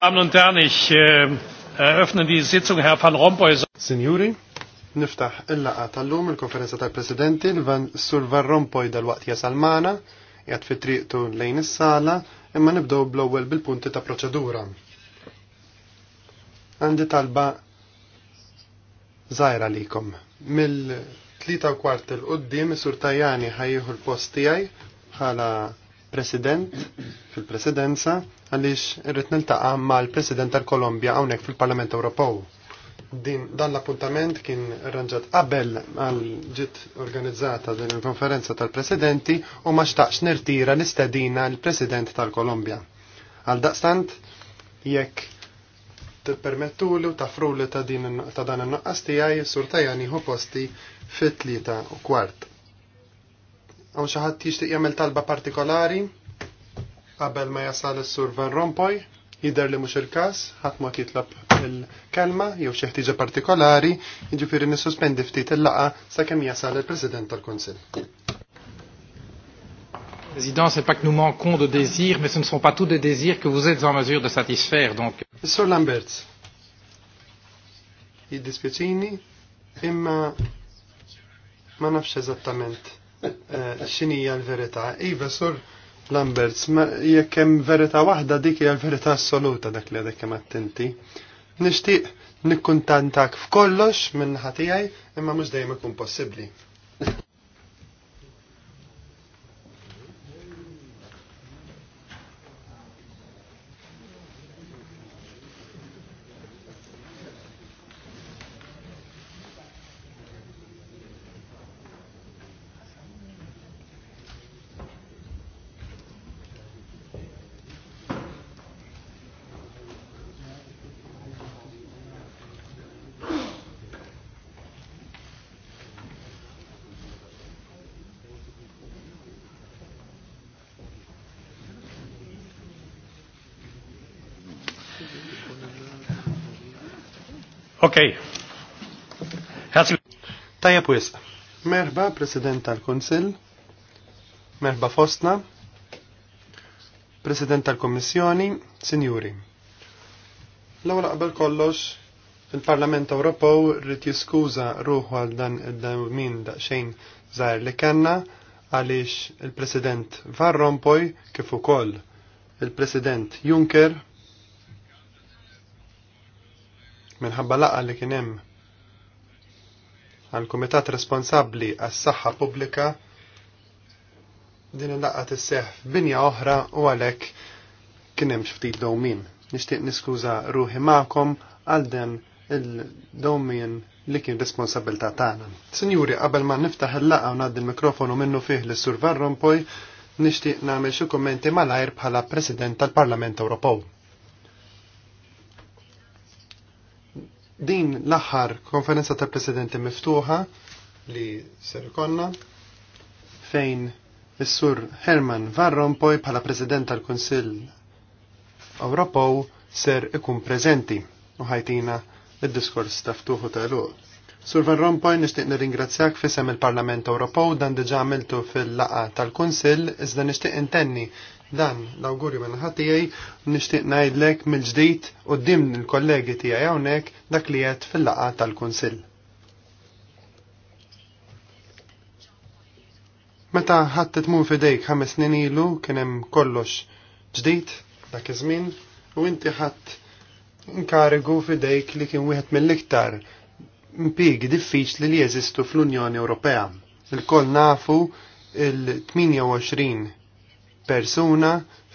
Damen und Herren, ich äh, eröffne die Sitzung. Herr Van Rompuy. Signori, niftaħ il-laqa tal-lum il-konferenza tal-presidenti l-Van Sur Van Rompuy dal-waqt jasalmana jgħat fitriqtu lejn is-sala imma nibdow bl-ewwel bil-punti ta' proċedura. Għandi talba zaħira likom. Mill-3 kwart il-qoddim, Sur Tajani ħajjieħu l-post tiegħi bħala president fil-presidenza għaliex irrid niltaqa' mal-President tal kolombia hawnhekk fil-Parlament Ewropew. Din dan l-appuntament kien arranġat qabel għal ġit organizzata din il-konferenza tal-presidenti u ma xtaqx nirtira l-istedina l-President tal kolombia Għal daqstant jekk tippermettulu tafrulu ta' Fruli ta' dan in-noqqas tijaj, sur tajani hu posti fit-tlieta u kwart għaw xaħat jishtiq jamil talba partikolari qabel ma jasal is-sur Van Rompuy, jider li mux il kas għat ma titlab il-kelma jew xi ħtiġa partikolari, jiġifieri nissospendi ftit il-laqa sa sakemm jasal il-President tal konsil Président, c'est pas que nous manquons de désirs, mais ce ne sont pas tous des désirs que vous êtes en mesure de satisfaire. Donc. Monsieur Lambert, il dispiacini, imma ma nafx eżattament Eh, xinija l-verità. Iva, sur Lamberts, jekk hemm verità waħda dik hija l-verità assoluta dak li għadek kemm attenti. Nixtieq nikkuntantak f'kollox minn ħatijaj imma mhux dejjem ikun possibbli. Okay. Tajja pwis. Merba, President tal-Konsil. Merba Fostna. President tal-Kommissjoni. Sinjuri. L-ewwel qabel kollox, il-Parlament Ewropew rrid jiskuża ruħu għal dan id-dawmin daqxejn zaħir li kellna għaliex il-President Varrompoj kif ukoll il-President Juncker minħabba laqa li kien hemm għall-Kumitat Responsabbli għas-Saħħa Pubblika din il-laqqa tisseħ binja oħra u għalhekk kien hemm xftit dowmin. Nixtieq niskuża ruħi magħkom għal dan il-dowmin li kien responsabilità tagħna. Sinjuri, qabel ma niftaħ il-laqgħa u ngħaddi l-mikrofonu minnu fih lis sur Van Rompuy, nixtieq nagħmel xi kummenti malajr bħala President tal-Parlament Ewropew. Din l-aħħar konferenza ta' presidenti miftuħa li ser konna fejn is-sur Herman Van Rompuy bħala President tal-Kunsill Ewropew ser ikun preżenti u ħajtina id-diskors ta' ftuħu tal-luq. Sur Van Rompuy nixtieq nirringrazzjak fisem il-Parlament Ewropew dan diġà għamiltu fil-laqa tal-Kunsill iżda nixtieq intenni Dan l-augurju minn għaj, nishtiq najdlek mill-ġdijt u dim il-kollegi għaj għonek dak li jett fil-laqa tal-Kunsill. Meta ħadd tmur fidejk ħames snin ilu kien hemm kollox ġdid dak iż-żmien u inti ħadd inkarigu fidejk li kien wieħed mill-iktar impigi diffiċli li jeżistu fl-Unjoni Ewropea. Il-koll nafu il-28 persuna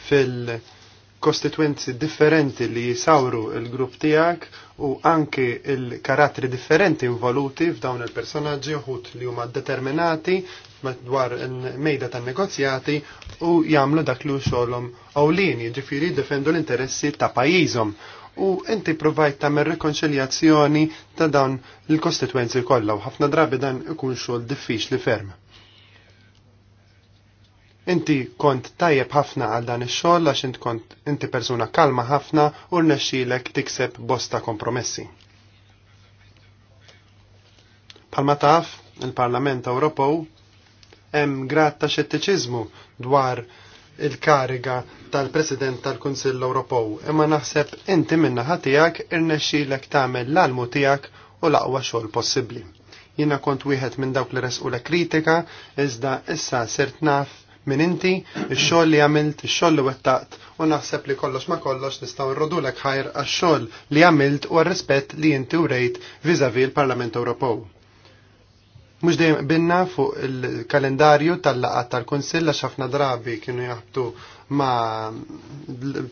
fil-kostituenzi differenti li jisawru il-grupp tijak u anki il-karattri differenti involuti f'dawn il-personaġġi uħut li huma determinati madwar il-mejda tan negozjati u jamlu dak li xolom awlini, ġifiri defendu l-interessi ta' pajizom u inti provajt tamer rekonċiljazzjoni ta' dawn il-kostituenzi kollha u ħafna drabi dan ikun xogħol diffiċli ferm. Inti kont tajjeb ħafna għal dan ix-xogħol għax int kont inti persuna kalma ħafna u rnexxielek tikseb bosta kompromessi. Palma taf, il-Parlament Ewropew hemm grat ta' xettiċiżmu dwar il-kariga tal-President tal-Kunsill Ewropew, imma naħseb inti minnaħa tiegħek irnexxielek tagħmel l-almu tiegħek u l-aqwa xogħol possibbli. Jiena kont wieħed minn dawk li resqu la kritika, iżda issa sirt naf minn inti, il xogħol li għamilt, il xogħol li wettaqt u naħseb li kollox ma kollox nistgħu nrodulek ħajr għax-xogħol li għamilt u għar-rispett li inti urejt vizavi l-Parlament Ewropew. Mux dejjem binna fuq il-kalendarju tal-laqat tal-Konsill għax ħafna drabi kienu jaħbtu ma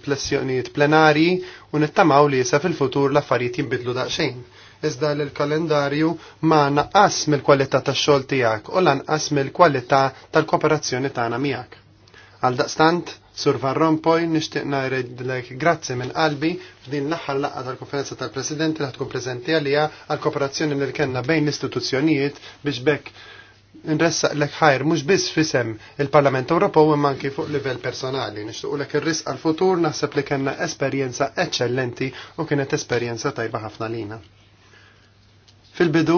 plessjonijiet plenari u nittamaw li jisa fil-futur l-affarijiet jimbidlu daqsxejn iżda l-kalendarju ma naqqas mill-kwalità tax-xogħol tiegħek u lanqas mill-kwalità tal-kooperazzjoni tagħna miegħek. Għal daqstant, Sur Van Rompuy, nixtieq ngħidlek grazzi minn qalbi f'din l-aħħar laqgħa tal-konferenza tal-Presidenti li tkun preżenti għalija għall kooperazzjoni li kellna bejn l-istituzzjonijiet biex bekk nressaq lek ħajr mhux biss fisem il-Parlament Ewropew imma anki fuq livell personali. Nixtieq lek ir-risq għall-futur naħseb li kellna esperjenza eċċellenti u kienet esperjenza tajba ħafna lina. Fil-bidu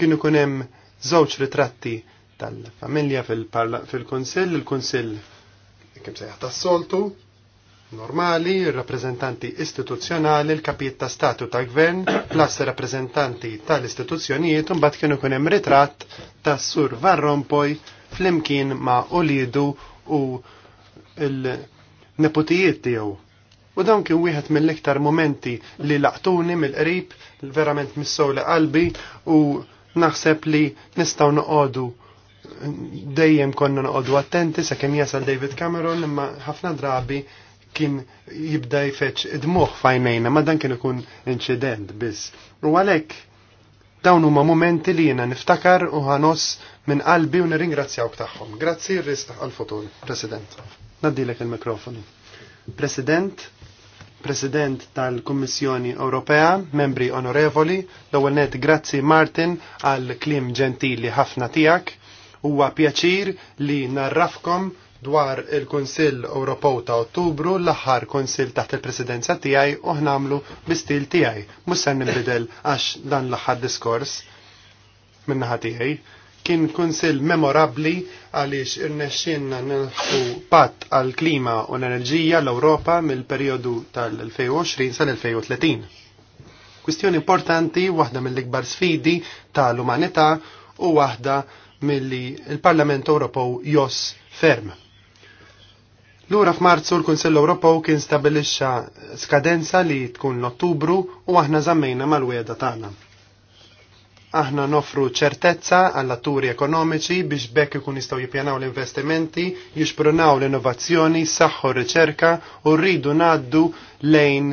kienu kunem żewġ ritratti tal-familja fil-Kunsill, il-Kunsill kim sejħa tas-soltu, normali, rappresentanti istituzzjonali, l-kapijiet ta' statu ta' gvern, plus rappresentanti tal-istituzzjonijiet, mbagħad kienu kunem ritratt ta' Sur varrompoj flimkien ma' Olidu u l neputijiet tiegħu U dawn kien wieħed mill-iktar momenti li laqtuni mill-qrib, verament mis li qalbi u naħseb li nistgħu noqogħdu dejjem konna noqogħdu attenti sakemm jasal David Cameron imma ħafna drabi kien jibda jfeċ id moħħ fajnejna, ma dan kien ikun inċident biss. U għalhekk dawn huma momenti li jiena niftakar u ħanos minn qalbi u nirringrazzjawk tagħhom. Grazzi r għall għal-futur, President. Naddilek il-mikrofonu. President, President tal-Kummissjoni Ewropea, membri onorevoli, l-ewwel net grazzi Martin għal klim ġentili ħafna tiegħek. Huwa pjaċir li narrafkom dwar il-Kunsill Ewropew ta' Ottubru l-aħħar Kunsill taħt il-Presidenza tiegħi u ħnamlu bi-stil tiegħi. Mhux se nibidel għax dan l-aħħar diskors minn naħa tiegħi. Kien Kunsill memorabbli għaliex irnexxinna nilħu pat għal klima u l-enerġija l-Ewropa mill-perjodu tal-2020 sal-2030. Kwistjoni importanti waħda mill-ikbar sfidi tal-umanità u waħda milli il-Parlament Ewropew jos ferm. Lura f'Marzu l-Kunsell Ewropew kien stabilixxa skadenza li tkun l-Ottubru u aħna żammejna mal-wieda tagħna aħna nofru ċertezza għall-atturi ekonomiċi biex bekk ikun jistgħu jippjanaw l-investimenti, jixprunaw l-innovazzjoni, saħħu r-riċerka u rridu ngħaddu lejn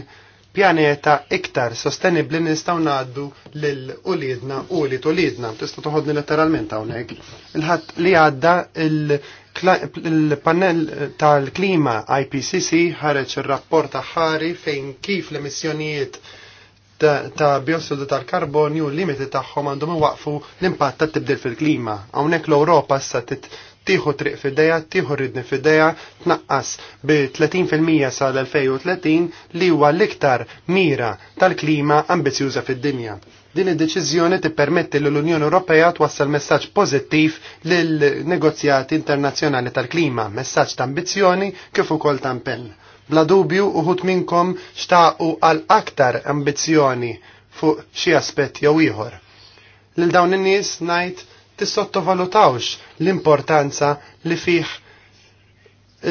pjaneta iktar sostenibli nistgħu ngħaddu lil ulidna u li tulidna. Tista' toħodni letteralment hawnhekk. Il-ħadd li għadda il-panel tal-klima IPCC ħareġ ir-rapport ħari fejn kif l-emissjonijiet ta' biossidu tal-karbonju limiti tagħhom għandhom iwaqfu l-impatt ta' tibdil fil-klima. Hawnhekk l-Ewropa sa tieħu triq fideja, tieħu ridni fideja, tnaqqas bi 30% sal-2030 li huwa l-iktar mira tal-klima ambizjuża fid-dinja. Din id-deċiżjoni tippermetti l unjoni Ewropea twassal messaġġ pożittiv lill negozjati internazzjonali tal-klima, messaġġ ta' ambizzjoni kif ukoll ta' impenn Bla dubju uħut minnkom xtaqu għal aktar ambizjoni fuq xi aspett jew ieħor. Lil dawn in-nies ngħid tissottovalutawx l-importanza li fih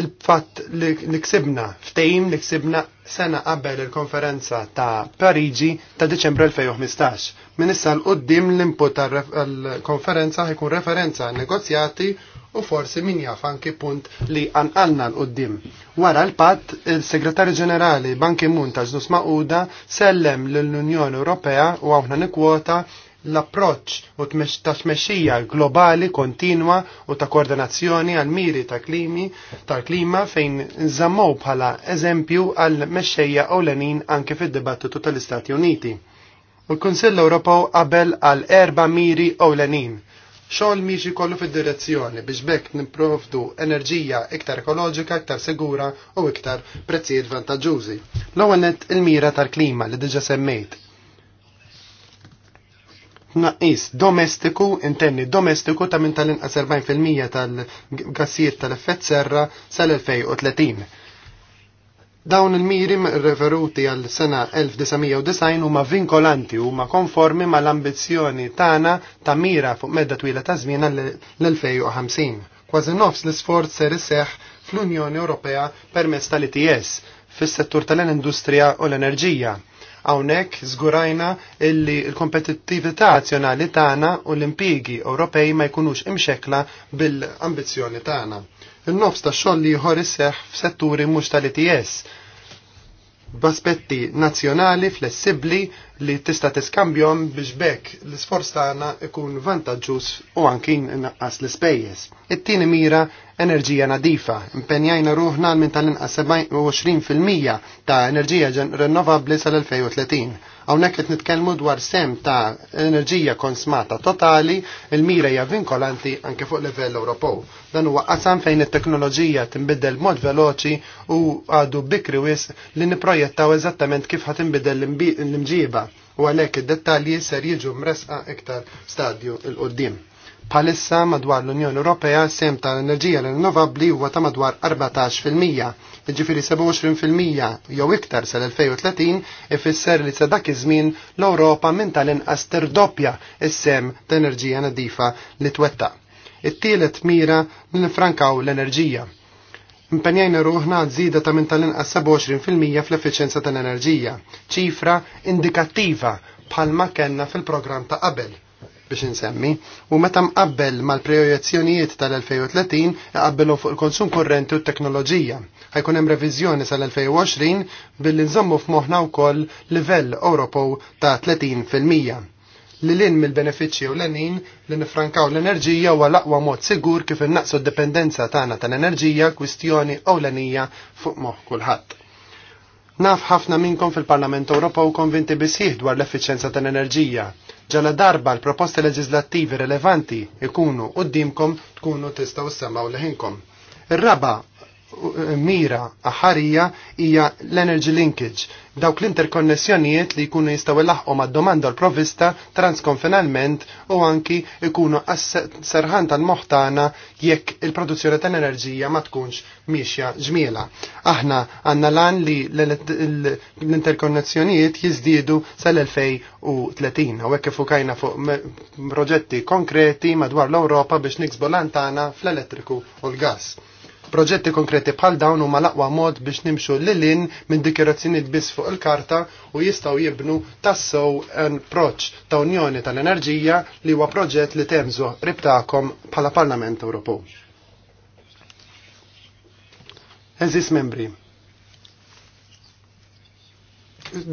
il-fatt li ksibna, ftejim li ksibna sena qabel il-konferenza ta' Parigi ta' Deċembru 2015. Min issa l-qoddim l-input tal-konferenza ħajkun referenza għal negozjati u forsi min jaf anki punt li anqalna l-qoddim. Wara l-patt, il-Segretarju Ġenerali B'anki Ki-moon ta' ġnus Maquda sellem l-Unjoni Ewropea u għawna nikwota l-approċ u ta' tmexxija globali kontinwa u ta' koordinazzjoni għal miri ta' klimi ta' klima fejn nżammow bħala eżempju għal mexxejja ewlenin anke fid-dibattitu tal-Istati Uniti. U l-Kunsill Ewropew qabel għal erba' miri ewlenin xogħol miex kollu fid-direzzjoni biex bekk nipprovdu enerġija iktar ekoloġika, iktar sigura u iktar prezzijiet vantaġġużi. L-ewwel il-mira tal-klima li diġa semmejt. Naqis domestiku, intenni domestiku ta' minn tal-inqas 40% tal-gassijiet tal-effett serra sal-2030 Dawn il-miri referuti għal sena 1990 huma vinkolanti huma konformi mal-ambizzjoni tagħna ta' mira fuq medda twila ta' żmien l-2050. Kważi nofs l-isforz ser isseħħ fl-Unjoni Ewropea permezz tal-ITS fis-settur tal-industrija u l-enerġija. Hawnhekk żgurajna illi l-kompetittività azzjonali tagħna u l-impjigi Ewropej ma jkunux imxekla bil-ambizzjoni tagħna Il-nofs ta' xoll li jħor isseħ f'setturi mhux tal-ITS b'aspetti nazzjonali flessibbli li tista' tiskambjom biex bekk l-isforz tagħna ikun vantaġġuż u ankin inqas l-ispejjeż. It-tieni mira enerġija nadifa. Impenjajna ruħna minn tal-inqas 27% ta' enerġija rinnovabbli sal-2030 Hawnhekk qed nitkellmu dwar sem ta' enerġija konsmata totali, il-mira hija vinkolanti anke fuq livell Ewropew. Dan huwa qasam fejn it-teknoloġija tinbidel mod veloċi u għadu bikri wis li nipprojettaw eżattament kif ħat tinbidel l-imġiba u għalhekk id-dettalji ser jiġu mresqa iktar stadju l-qoddim. Palissa madwar l-Unjoni Ewropea sem tal-enerġija rinnovabbli huwa ta' madwar 14%, jiġifieri 27% jew iktar sal-2030 ifisser li sa dak iż-żmien l-Ewropa minn tal-inqas terdoppja is-sem ta' enerġija nadifa li twetta. It-tielet mira nifrankaw l-enerġija. Impenjajna ruħna żieda ta' minn tal-inqas 27% fl effiċjenza tal-enerġija, ċifra indikattiva bħalma kellna fil-programm ta' qabel biex insemmi, u meta mqabbel mal projezzjonijiet tal-2030 iqabbelhom fuq il-konsum kurrenti u t-teknoloġija. Ħajkun hemm reviżjoni sal-2020 billi nżommu f'moħħna wkoll livell Ewropew ta' 30 fil-mija li l-in mill-benefiċċji u l-għanin li nifrankaw l-enerġija u għal-aqwa mod sigur kif innaqsu d-dependenza tagħna tal-enerġija kwistjoni u l-għanija fuq moħ kulħadd. Naf ħafna minnkom fil-Parlament Ewropew konvinti bisħiħ dwar l-effiċenza tal-enerġija ġala darba l-proposti leġislattivi relevanti ikunu qoddimkom tkunu tistgħu u leħinkom. Ir-raba mira aħarija hija l-energy linkage, dawk l-interkonnessjonijiet li jkunu jistgħu ilaħqu mad-domanda l-provista transkonfinalment u anki jkunu serħan tal-moħħ tagħna jekk il-produzzjoni ta' enerġija ma tkunx miexja ġmiela. Aħna għandna lan li l-interkonnessjonijiet jiżdiedu sal-2030 u hekk ifukajna fuq proġetti konkreti madwar l-Ewropa biex niksbu l-antana fl-elettriku u l-gass Proġetti konkreti bħal dawn huma l-aqwa mod biex nimxu lilin minn dikjerazzjonijiet biss fuq il-karta u jistgħu jibnu tassew approċ ta' Unjoni tal-Enerġija li huwa proġett li temżu ribtakom bħala Parlament Ewropew. Eżis membri.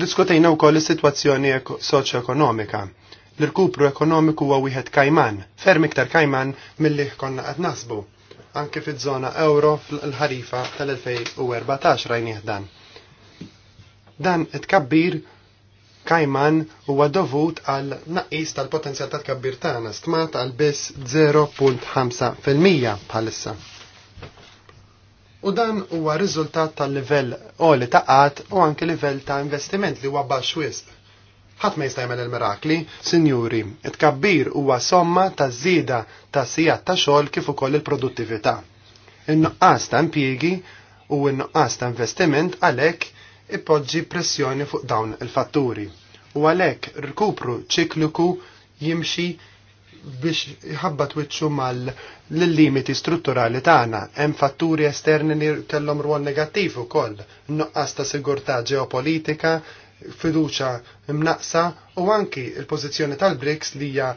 Diskutejna wkoll is-sitwazzjoni soċjoekonomika l-rkupru ekonomiku huwa wieħed kajman, ferm iktar kajman milli konna qed nasbu anke fiż-żona euro fl-ħarifa tal-2014 rajnieh dan. Dan it-kabbir Kajman huwa dovut għal naqis tal-potenzjal ta' kabbir tagħna stmat għal biss 0.5% bħalissa. U dan huwa riżultat tal-livell oli ta' qatt u anke livell ta' investiment li huwa baxx wisq ħadd ma jistajmel il-mirakli, sinjuri, it-kabbir huwa somma ta' zida ta' sigħat ta' xogħol kif ukoll il-produttività. In-nuqqas ta' impjiegi u n-nuqqas ta' investiment għalhekk ipoġġi pressjoni fuq dawn il-fatturi. U għalhekk rkupru ċikliku jimxi biex jħabba twitxu mal-limiti strutturali tagħna hemm fatturi esterni li kellhom rwol negattiv ukoll, nuqqas ta' sigurtà ġeopolitika, fiduċa mnaqsa u anki il-pożizzjoni tal-BRICS li hija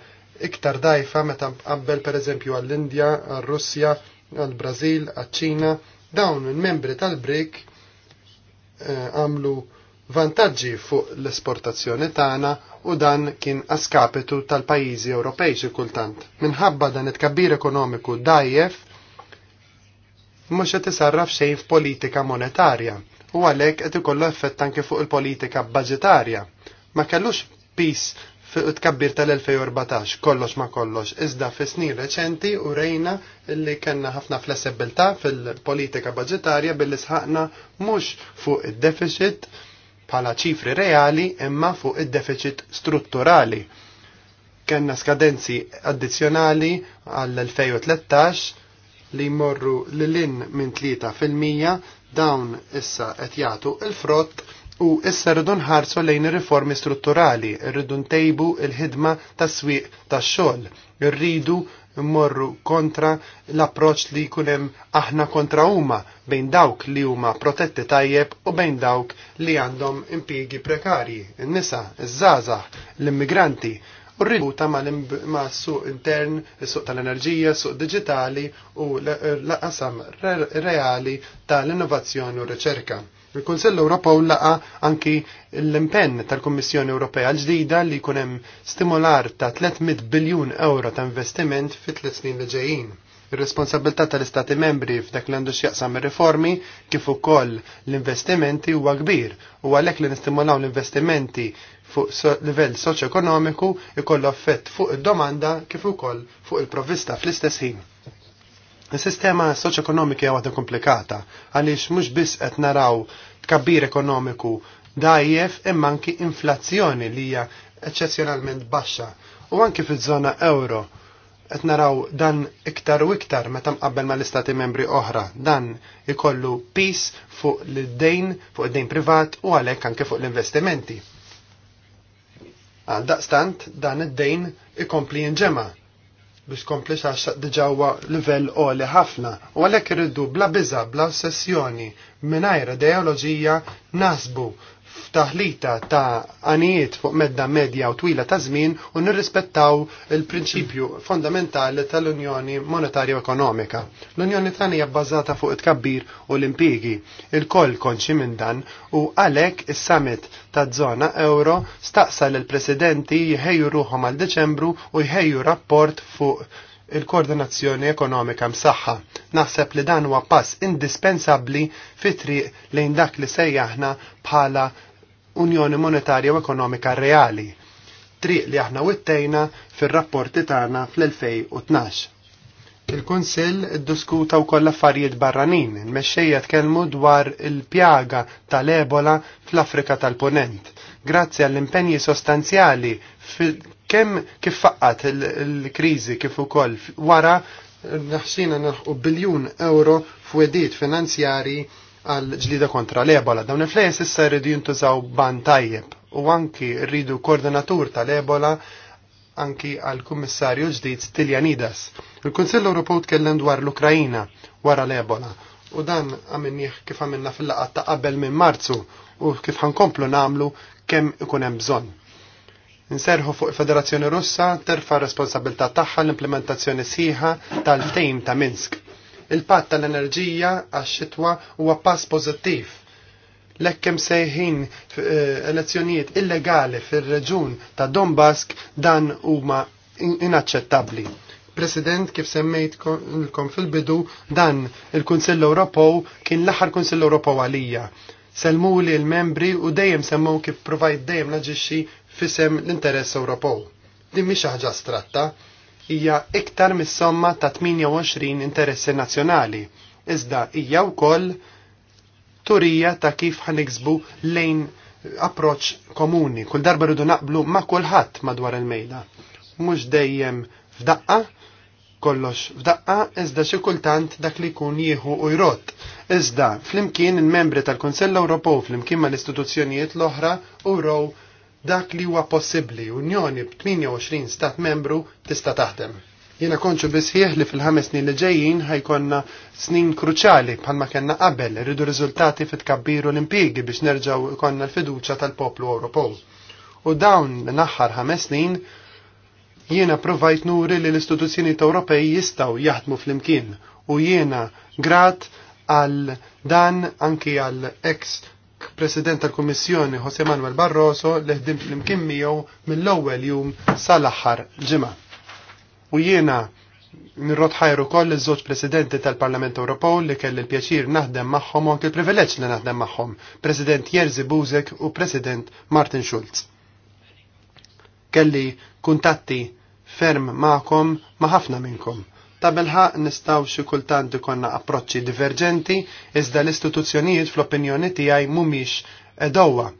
iktar dajfa meta qabbel pereżempju għall-Indja, għall-Russja, għall-Brażil, għall-Ċina, dawn il-membri tal-BRIC eh, għamlu vantaġġi fuq l-esportazzjoni tagħna u dan kien askapitu tal-pajjiżi Ewropej xi kultant. Minħabba dan it-kabbir ekonomiku dajjef mhux qed isarraf xejn f'politika monetarja u għalhekk qed ikollu effett anke fuq il-politika budgetarja. Ma kellux pis fuq tkabbir tal-2014 kollox ma kollox, iżda fi snin reċenti u rejna li kellna ħafna flessibilità fil-politika budgetarja billi sħaqna mhux fuq id-deficit bħala ċifri reali imma fuq id-deficit strutturali. Kenna skadenzi addizzjonali għall-2013 li jmorru l-lin minn 3% Dawn issa qed jagħtu il-frott u issa rridu nħarsu lejn ir-riformi strutturali, rridu ntejbu il-ħidma tas-swieq tax-xogħol, irridu mmorru kontra l approċċ li jkun hemm aħna kontra huma bejn dawk li huma protetti tajjeb u bejn dawk li għandhom impjiegi prekarji, n-nisa, iż żgħażagħ l-immigranti, u rridu ta' ma' suq intern, suq tal-enerġija, suq digitali u l-qasam reali tal-innovazzjoni u riċerka. Il-Kunsell Ewropew laqa anki l-impenn tal-Kummissjoni Ewropea ġdida li jkun hemm stimolar ta' 300 biljun euro ta' investiment fit tliet snin li ġejjin. Ir-responsabilità tal-Istati membri f'dak li għandu x'jaqsam ir-riformi kif ukoll l-investimenti huwa kbir u għalhekk li nistimulaw l-investimenti fuq livell soċ-ekonomiku ikollu effett fuq id-domanda kif ukoll fuq il-provvista fl-istess ħin. Is-sistema soċ hija waħda komplikata għaliex mhux biss qed naraw tkabbir ekonomiku dajjef imma anki inflazzjoni li hija eċċezzjonalment baxxa u anki fiż-żona euro qed naraw dan iktar u iktar meta mqabbel mal-istati membri oħra. Dan ikollu pis fuq l-dejn, fuq id-dejn privat u għalhekk anke fuq l-investimenti. Għal daqstant dan id-dejn ikompli nġema biex kompli xax diġawa livell oli ħafna u għalek irridu bla biza, bla sessjoni, minajra ideoloġija nasbu f'taħlita ta' għanijiet fuq medda medja u twila ta' żmien u nirrispettaw il-prinċipju fondamentali tal-Unjoni Monetarja Ekonomika. L-Unjoni tani bbażata fuq it-kabbir u l-impigi. Il-koll konxi minn dan u għalhekk is-summit ta' żona euro staqsal il-presidenti jħejju ruħhom għal Deċembru u jħejju rapport fuq il-koordinazzjoni ekonomika msaħħa. Naħseb li dan huwa pass indispensabbli fitri lejn dak li sejjaħna bħala unjoni monetarja u ekonomika reali, triq li aħna wittejna fil-rapporti tagħna fl-2012. Il-Kunsill iddiskuta wkoll affarijiet barranin, il-mexxejja tkellmu dwar il-pjaga tal-Ebola fl-Afrika tal-Ponent. Grazzi għall-impenji sostanzjali kemm kif faqqat il-kriżi kif ukoll wara naħsina naħu biljun euro f'wedijiet finanzjarji għal ġlida kontra l-ebola. Dawn il-flejes issa rridu jintużaw ban tajjeb u anki rridu koordinatur tal-ebola anki għal kummissarju ġdid Tiljanidas. Il-Kunsill Ewropew tkellem dwar l-Ukrajina wara l-Ebola u dan għamenniħ kif għamilna fil-laqat ta' qabel minn Marzu u kif ħankomplu namlu kemm ikun hemm bżonn. Nserħu fuq il-Federazzjoni Russa terfa' responsabilità tagħha l-implementazzjoni siħa tal-tejm ta' Minsk Il-patt tal-enerġija għax-xitwa huwa pass pożittiv. Lekkem sejħin eh, elezzjonijiet illegali fir-reġun ta' Donbask dan huma inaċċettabbli. President, kif semmejtkom fil-bidu, dan il-Kunsill Ewropew kien l-aħħar Kunsill Ewropew għalija. li l-membri u dejjem semmew kif provajt dejjem naġixxi fisem l-interess Ewropew. Din mhix ħaġa stratta, hija iktar mis-somma ta' 28 interessi nazzjonali, iżda hija wkoll turija ta' kif ħaniksbu lejn approċ komuni. Kull darba rridu naqblu ma' kulħadd madwar il-mejda. Mhux dejjem f'daqqa, kollox f'daqqa, iżda xi kultant dak li jkun jieħu u jrott. Iżda flimkien il-membri tal-Kunsell Ewropew flimkien mal-istituzzjonijiet l-oħra u row dak li huwa possibbli Unjoni b'28 stat membru tista' taħdem. Jiena konċu bisħieħ li fil-ħames snin li ġejjin ħajkonna snin kruċali bħalma kellna qabel rridu riżultati fit-kabbiru l-impjiegi biex nerġgħu konna l-fiduċja tal-poplu Ewropew. U dawn l-aħħar ħames snin jiena provajt nuri li l-istituzzjoni Ewropej jistgħu jaħdmu fl-imkien u jiena grat għal dan anki għal ex President tal-Kummissjoni José Manuel Barroso li ħdim fl-imkien miegħu mill-ewwel jum sal-aħħar ġimgħa. U jiena nirrot ħajru koll iż-żewġ presidenti tal-Parlament Ewropew li kelli l-pjaċir naħdem magħhom u anke l-privileġġ li naħdem magħhom, President Jerzy Buzek u President Martin Schulz. Kelli kuntatti ferm magħkom ma' ħafna minnkom Ta' bilħaq nistaw xi kultant ikonna approċċi diverġenti iżda l-istituzzjonijiet fl-opinjoni tiegħi mhumiex edowa.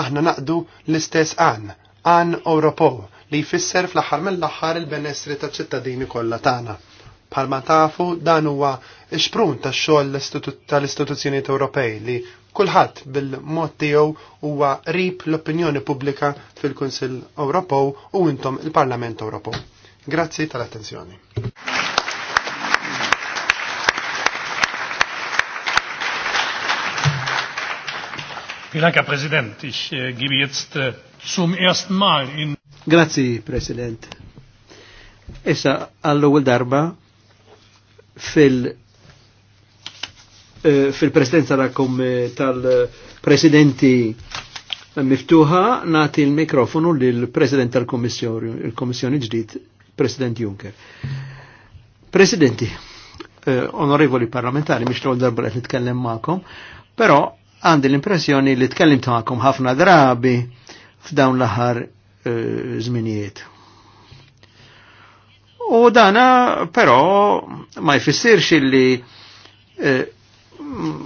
Aħna naqdu l-istess għan, għan Ewropew li jfisser fl-aħħar mill-aħħar il-benessri ta' ċittadini kollha tagħna. Palma tafu dan huwa xprun tax-xogħol tal-istituzzjonijiet Ewropej li kulħadd bil-mod tiegħu huwa rib l-opinjoni pubblika fil-Kunsill Ewropew u intom il-Parlament Ewropew. Grazzi tal-attenzjoni. Vielen Dank, Herr Präsident. Ich äh, gebe jetzt äh, zum ersten Mal in. Grazie, President. Issa għall-ewwel darba fil- eh, fil-presidenza tal-presidenti miftuħa nati il-mikrofonu lill-president tal-kommissjoni ġdid, President Juncker. Presidenti, eh, onorevoli parlamentari, miex l darba qed nitkellem ma'kom, però għandi l-impressjoni li tkellimt ta'kom ħafna drabi f'dawn l-aħħar eh, żminijiet. U dana però ma jfissirx li eh,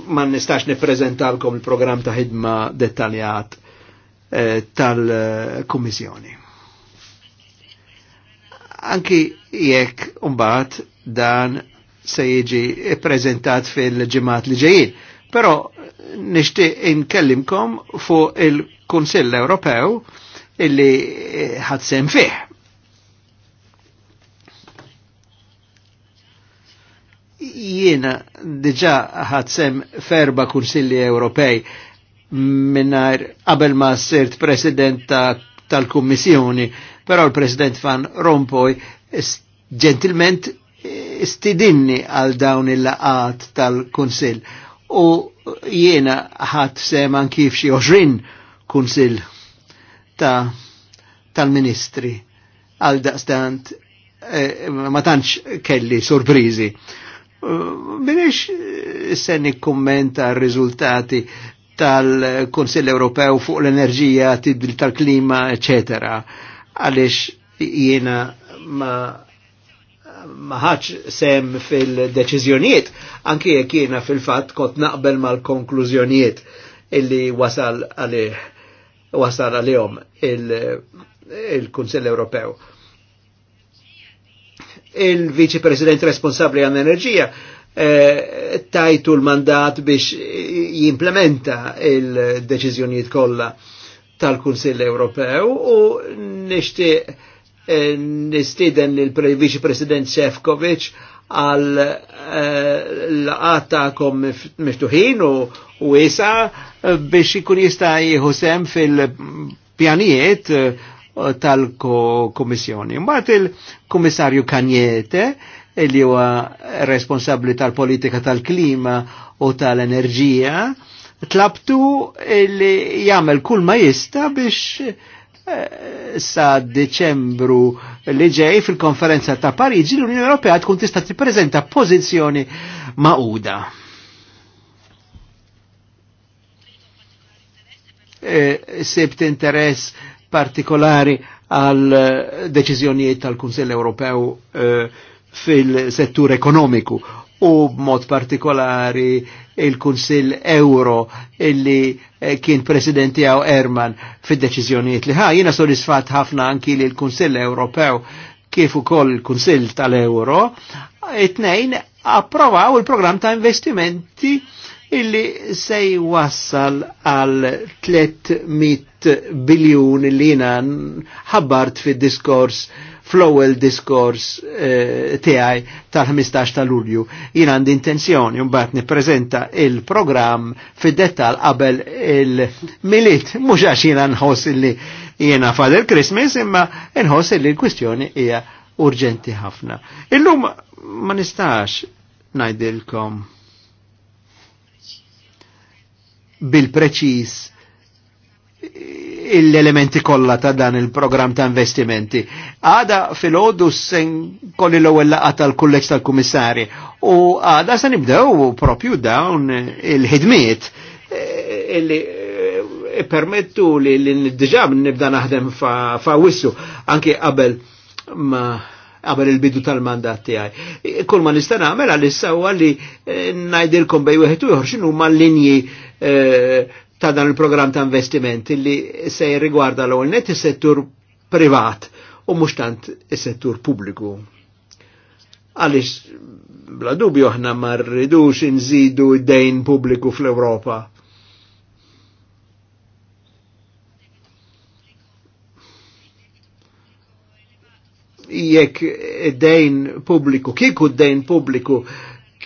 ma nistax nippreżentalkom il-programm ta' ħidma dettaljat eh, tal-Kummissjoni. Anki jekk umbat dan se jiġi prezentat fil-ġemat li ġejjin. Però nishtiq inkellimkom fuq il-Kunsill Ewropew illi eh, ħadsem fih. Jiena diġa ħadsem ferba Kunsilli Ewropej minnar qabel ma sirt president tal-Kummissjoni, però l-President Van Rompuy ġentilment eh, istidinni għal dawn il-laqat tal-Kunsill u jiena ħat sem anki f'xi oġrin kunsill ta' tal-ministri għal daqstant eh, ma tantx kelli sorprizi. Uh, Minix eh, senni kummenta r-riżultati tal-Konsill Ewropew fuq l-enerġija, tal-klima, eccetera. Għalix jiena ma maħħaċ sem fil-deċizjoniet, anki jek jiena fil-fat kont naqbel mal-konklużjonijiet illi wasal għali wasal għalihom il-Kunsell il Ewropew. Il-Viċi President responsabli għan enerġija eh, tajtu l-mandat biex jimplementa il deċizjoniet kollha tal-Kunsell Ewropew u nixtieq Eh, nistiden il vice President Sefcovic għal eh, l kom miftuħin u isa eh, biex ikun jista jihusem fil-pjanijiet tal-Komissjoni. Mbagħad il komissarju Kanjete li huwa responsabbli tal-politika tal-klima u tal-enerġija tlabtu li jagħmel kull ma jista biex Eh, sa Deċembru li ġej fil-konferenza ta' Pariġi l-Unjoni Ewropea tkun tista' tippreżenta pożizzjoni maquda. Eh, Sebt interess partikolari għal deċiżjonijiet tal-Kunsell Ewropew eh, fil-settur ekonomiku u b'mod partikolari il-Kunsill Euro illi eh, kien presidenti għaw Erman fid deċiżjonijiet li ħa jina soddisfat ħafna anki li l-Kunsill Ewropew kif ukoll il-Kunsill tal-Euro it-nejn approvaw il-programm ta' investimenti illi se wassal għal 300 biljun li jina ħabbart fid-diskors fl-ewwel diskors eh, tiegħi tal-15 ta' Lulju. Jien għandi intenzjoni mbagħad nippreżenta il-programm fid-dettal qabel il milit mhux għax jiena nħoss illi jiena fadel Christmas imma nħoss illi l-kwistjoni hija urġenti ħafna. Illum ma nistax ngħidilkom bil-preċis l-elementi kollha ta' dan il-programm ta' investimenti. Għada fil-ħodu sen kolli l-ewwel laqgħa tal-kulleġġ tal kummissarji u għada se nibdew propju dawn il-ħidmiet eh, illi eh, permettu li l-diġab nibda naħdem fa' wissu anki qabel ma' qabel il-bidu tal-mandat tiegħi. Kull ma nista' nagħmel għalissa huwa li eh, ngħidilkom bej wieħed u ma l linji ta' dan il-programm ta' investimenti li se rigwarda l ewwel net is-settur privat u mhux tant is-settur publiku. Għalix, bla dubju aħna marridux nżidu id dejn publiku fl europa jekk dejn pubbliku, kieku dejn pubbliku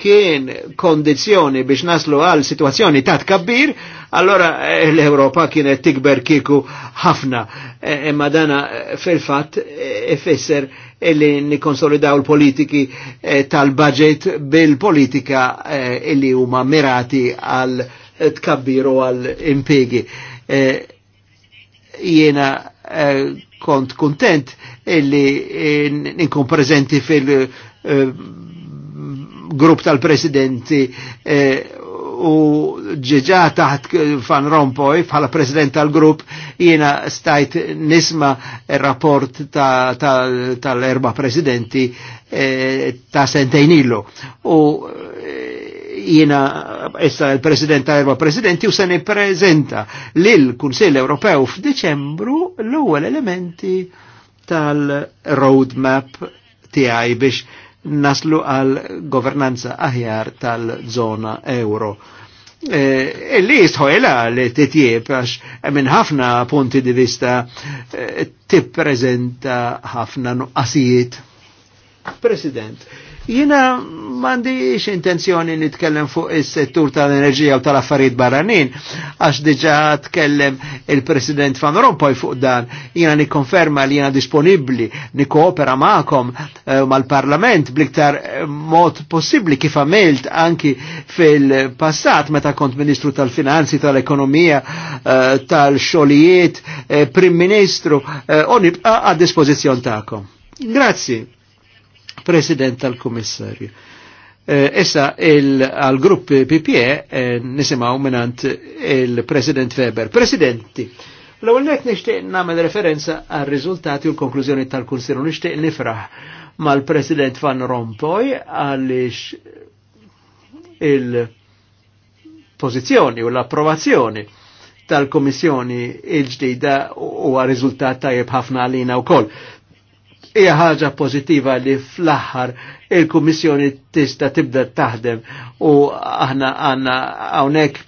kien kondizjoni biex naslu għal situazzjoni ta' tkabbir, allora eh, l-Europa kienet tikber kiku ħafna. Eh, imma e, dana eh, fil-fat ifisser e illi nikonsolidaw l-politiki e, tal-budget bil-politika illi huma mirati għal u għal E, Jena kont kontent illi ninkun prezenti fil- grupp tal-presidenti eh, u ġeġa taħt Fan Rompuy bħala president tal-grupp jiena stajt nisma il-rapport tal-erba presidenti eh, ta' sentejn ilu. U eh, jiena issa il-president tal-erba presidenti u se prezenta lil kunsill Ewropew f'Deċembru l-ewwel elementi tal-roadmap tiegħi biex naslu għal governanza aħjar tal-zona euro. E, e li jistħojla li titjib għax minn ħafna punti di vista e, tippreżenta ħafna nuqqasijiet. President, Jina ix intenzjoni nitkellem fuq is-settur tal-enerġija u tal-affarijiet barranin, għax diġa tkellem il-President Van Rompuy fuq dan, jina nikkonferma li jina disponibli nikkoopera ma'kom eh, mal-Parlament bliktar eh, mod possibli kif għamilt anki fil-passat meta kont Ministru tal-Finanzi, tal-Ekonomija, eh, tal-Xolijiet, Prim Ministru, u nibqa' għad dispożizzjon ta'kom. Grazzi. President tal-Kummissarju. Eh, issa għal grupp PPE eh, nisimaw minnant il-President Weber. Presidenti, l-ewwel qed nixtieq referenza għal rizultati u l-konklużjoni tal-Kunsilu nishtiq nifraħ mal-President Van Rompuy għaliex il pozizjoni u l-approvazzjoni tal-Komissjoni il-ġdida u għal-rizultat tajib ħafna għalina u koll hija ħaġa pożittiva li fl-aħħar il-Kummissjoni tista tibda taħdem u aħna għanna hawnhekk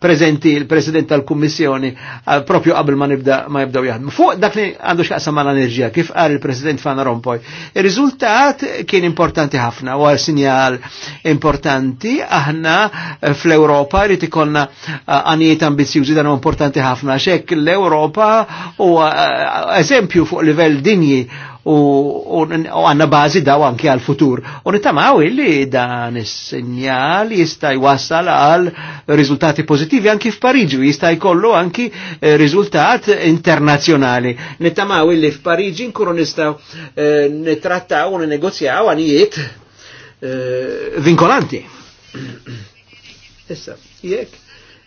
prezenti il-President tal-Kummissjoni eh, propju qabel ma nibda ma jibdaw jaħdmu. Fuq dak li għandu x'qasam mal-enerġija kif għar il-President Fan Rompuy. il riżultat kien importanti ħafna u sinjal importanti aħna fl-Ewropa jrid ikollna eh, għanijiet ambizjużi dan importanti ħafna x'hekk l europa u eh, eżempju fuq livell dinji u għanna bazi daw anki għal-futur. U nitamaw illi dan is-sinjal jista' jwassal għal riżultati pozittivi anki f'Pariġi, jista' jkollu anki eh, riżultat internazzjonali. Nittamaw illi f'Pariġi nkunu nistgħu eh, nittrattaw u negozjaw għanijiet eh, vinkolanti. Issa, jekk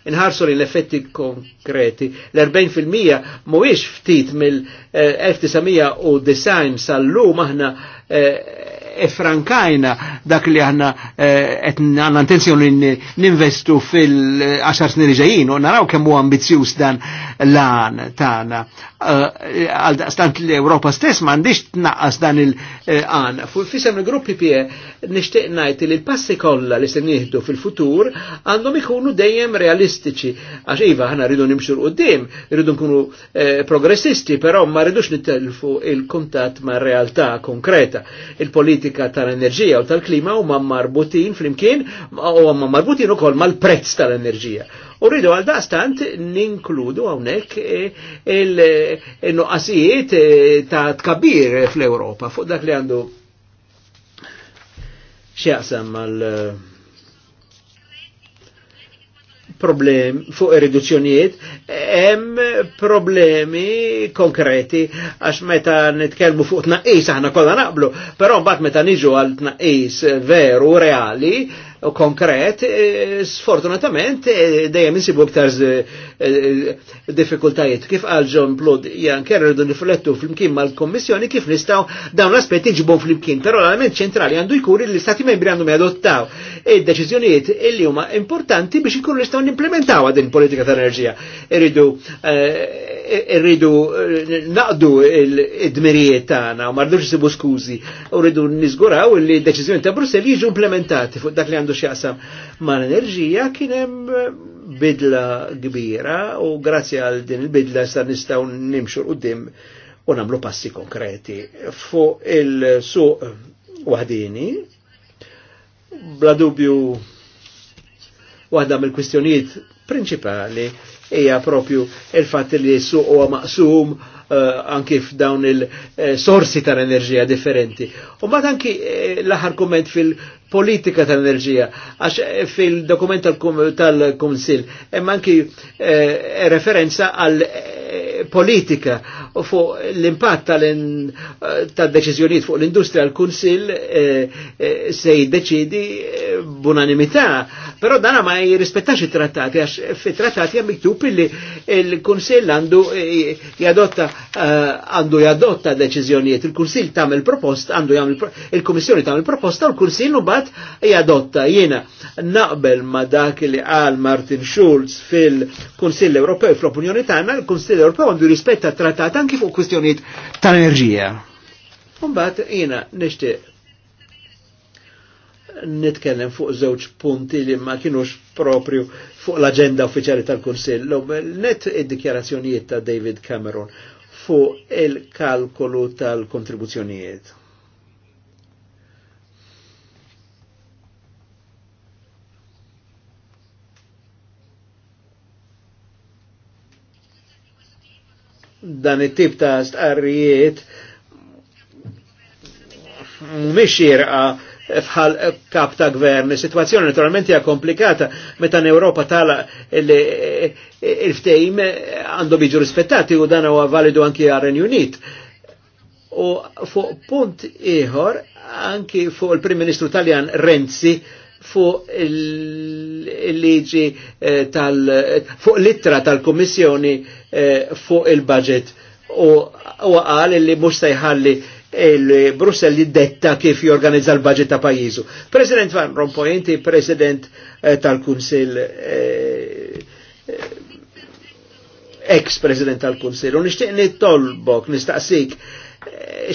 inħarsu li l-effetti konkreti. L-40% mhuwiex ftit mill-1990 sal-lum aħna eh, frankajna dak li aħna eh, għanna intenzjoni ninvestu fil-10 eh, snin ġejjin u naraw kemm huwa ambizzjuż dan l-għan tagħna. Eh, għal daqstant l-Europa stess m'għandix tnaqqas dan il-għan. Fisem il-gruppi pie nixtieq ngħid li l-passi kollha li se nieħdu fil-futur għandhom ikunu dejjem realistiċi. Għax iva aħna rridu nimxu l qudiem rridu nkunu eh, progressisti, però ma rridux nittelfu il-kuntatt ma' realtà konkreta. Il-politika tal-enerġija u tal-klima huma marbutin flimkien u ma' marbutin ukoll mal-prezz tal-enerġija. U rridu għal dastant ninkludu hawnhekk eh, il-nuqqasijiet eh, eh, ta' tkabir fl-Ewropa fuq dak li għandu x'jaqsam għal problem fuq riduzzjonijiet, hemm problemi konkreti għax meta nitkellmu fuq tnaqqis aħna kollha naqblu, però mbagħad meta niġu għal tnaqqis veru reali, konkret, e, sfortunatament e, dejjem insibu iktar e, diffikultajiet. Kif għal John Plod janker rridu niflettu fl-imkien mal-Kommissjoni kif nistaw dawn l aspet ġibu fl-imkien, però l-element ċentrali għandu jkun li l-Stati membri għandu jadottaw il deċiżjonijiet illi huma importanti biex ikunu nistgħu nimplementaw għadin politika ta' enerġija Irridu irridu naqdu id-dmirijiet tagħna u marridux isibu skużi u rridu nizguraw li d-deċiżjoni ta' Brussell jiġu implementati fuq dak li għandu xjaqsam ma' l-enerġija kienem eh, bidla kbira u grazzi għal din il-bidla sa' nistaw nimxu l u namlu passi konkreti fuq il-suq wahdini bla dubju waħda mill-kwistjonijiet prinċipali hija propju il-fatt li s-suq huwa maqsum uh, anki f'dawn il-sorsi eh, tal-enerġija differenti. U mbagħad anki l-aħħar kumment fil- politika tal-enerġija, għax fil-dokument tal-Kunsil, tal hemm anki eh, referenza għal eh, politika fuq l-impatt tal-deċizjoniet fuq l-industrija l-Kunsil eh, eh, se jiddeċidi eh, b'unanimità, però dana ma jirrispettax it-trattati għax fit-trattati għam miktub illi l kunsil għandu jadotta għandu jadotta deċizjoniet. il-Kunsill tagħmel proposta, għandu jagħmel il komissjoni tagħmel proposta u l kunsil nubat jadotta. Jena, naqbel ma dak li għal Martin Schulz fil kunsil Ewropew fil-Opunjoni tagħna, il kunsil Ewropew għandu jirrispetta trattati anki fuq kwistjoniet tal-enerġija. Umbat, jina, nishti nitkellem fuq żewġ punti li ma kienux propju fuq l-agenda uffiċjali tal-Kunsill. Net id-dikjarazzjonijiet ta' David Cameron fuq il-kalkolu tal-kontribuzzjonijiet. dan it-tip ta' stqarrijiet mhumiex jirqa fħal kap ta' gvern. Situazzjoni naturalment hija komplikata meta n-Ewropa tala il ftehim għandu biġu rispettati u dan huwa validu anki għar Unit. U fuq punt ieħor anki fuq il-Prim Ministru Taljan Renzi fuq il-liġi eh, tal fuq l-ittra tal-Kummissjoni eh, fuq il-budget u għal li mux sejħalli il-Brussel detta kif jorganizza l-budget ta' pajizu. President Van Rompuy, inti president eh, tal-Kunsil ex-president tal-Kunsil, u nishtiq nittolbok, nistaqsik,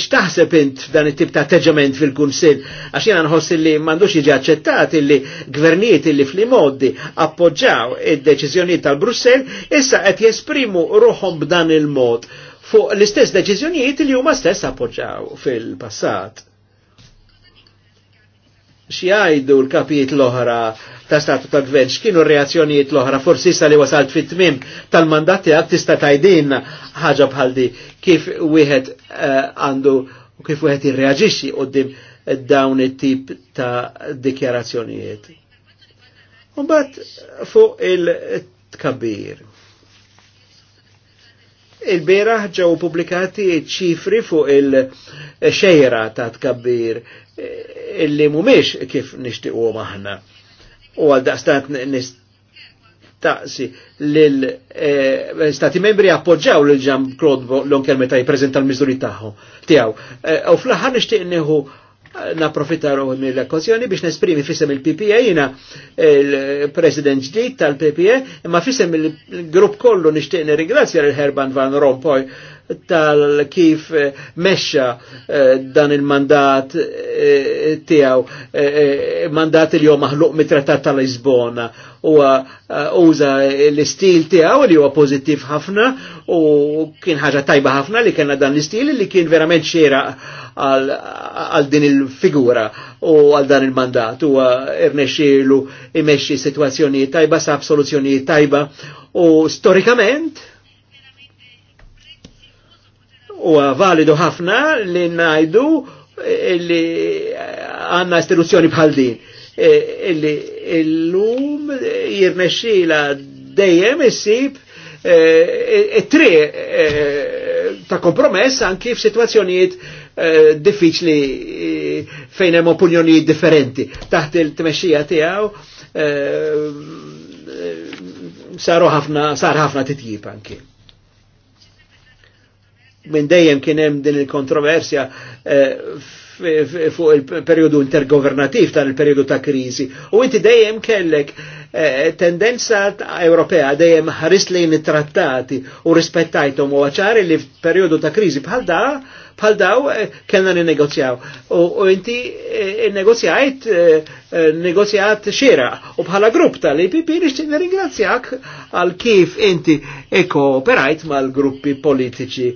xtaħseb int dan it-tip ta' atteġġament fil-Kunsill għax jiena nħoss li m'għandux jiġi aċċettat illi gvernijiet illi fl-modi appoġġaw id-deċiżjonijiet tal-Brussell issa qed jesprimu ruhom b'dan il-mod fuq l-istess deċiżjonijiet li huma stess appoġġaw fil-passat xiajdu l-kapijiet l-oħra ta' statu ta' gvern, x'kienu reazzjonijiet l-oħra, forsi sa li wasalt fit tmim tal mandati għad tista' tajdin ħaġa bħal di kif wieħed eh, għandu u kif wieħed u qudiem dawn it-tip ta' dikjarazzjonijiet. Mbagħad fuq il-tkabbir il beraħ ġew pubblikati ċifri fuq il-xejra ta' tkabbir e, illi mumiex kif nixtiqu maħna. U għal daqstat nistaqsi l-stati e, membri appoġġaw l-ġam Claude Lonker meta jiprezenta l mizuri tagħhom tiegħu. E, u fl ħar nixtieq nieħu naprofitar mill-okkazjoni biex nesprimi fissem il-PPA, jina il-president ġdid tal-PPA, ma fissem il-grupp kollu nishtiq ringrazzja l-Herban Van Rompuy tal-kif eh, mexxa eh, dan il-mandat eh, tiegħu mandat li huwa maħluq mit-Trattat tal-Lisbona u uża l-istil tiegħu li huwa pożittiv ħafna u kien ħaġa tajba ħafna li kellna dan l-istil li kien verament xieraq għal din il-figura u għal dan il-mandat u uh, irnexilu imexxi situazzjoni tajba sa' soluzzjoni tajba u storikament u validu ħafna li najdu eh, li għanna istituzzjoni bħal din eh, illi l-lum jirnexxila dejjem issib eh, it-tri ta' kompromess anki f'sitwazzjonijiet Eh, diffiċli eh, fejn hemm opinjoni differenti. Taħt il-tmexxija tiegħu eh, saru ħafna sar ħafna titjib anki. Minn dejjem kien hemm din il-kontroversja fuq il-periodu intergovernativ tal il-periodu ta' kriżi, U inti dejjem kellek tendenza Ewropea dejjem ħaris lejn it-trattati u rispettajtom u għaċari li f'periodu ta' kriżi bħal da' pal daw eh, kellna ninnegozjaw. U inti eh, negozjajt eh, negozjat xera u bħala grupp tal-IPP nixtieq nirringrazzjak għal kif inti ekooperajt mal-gruppi politiċi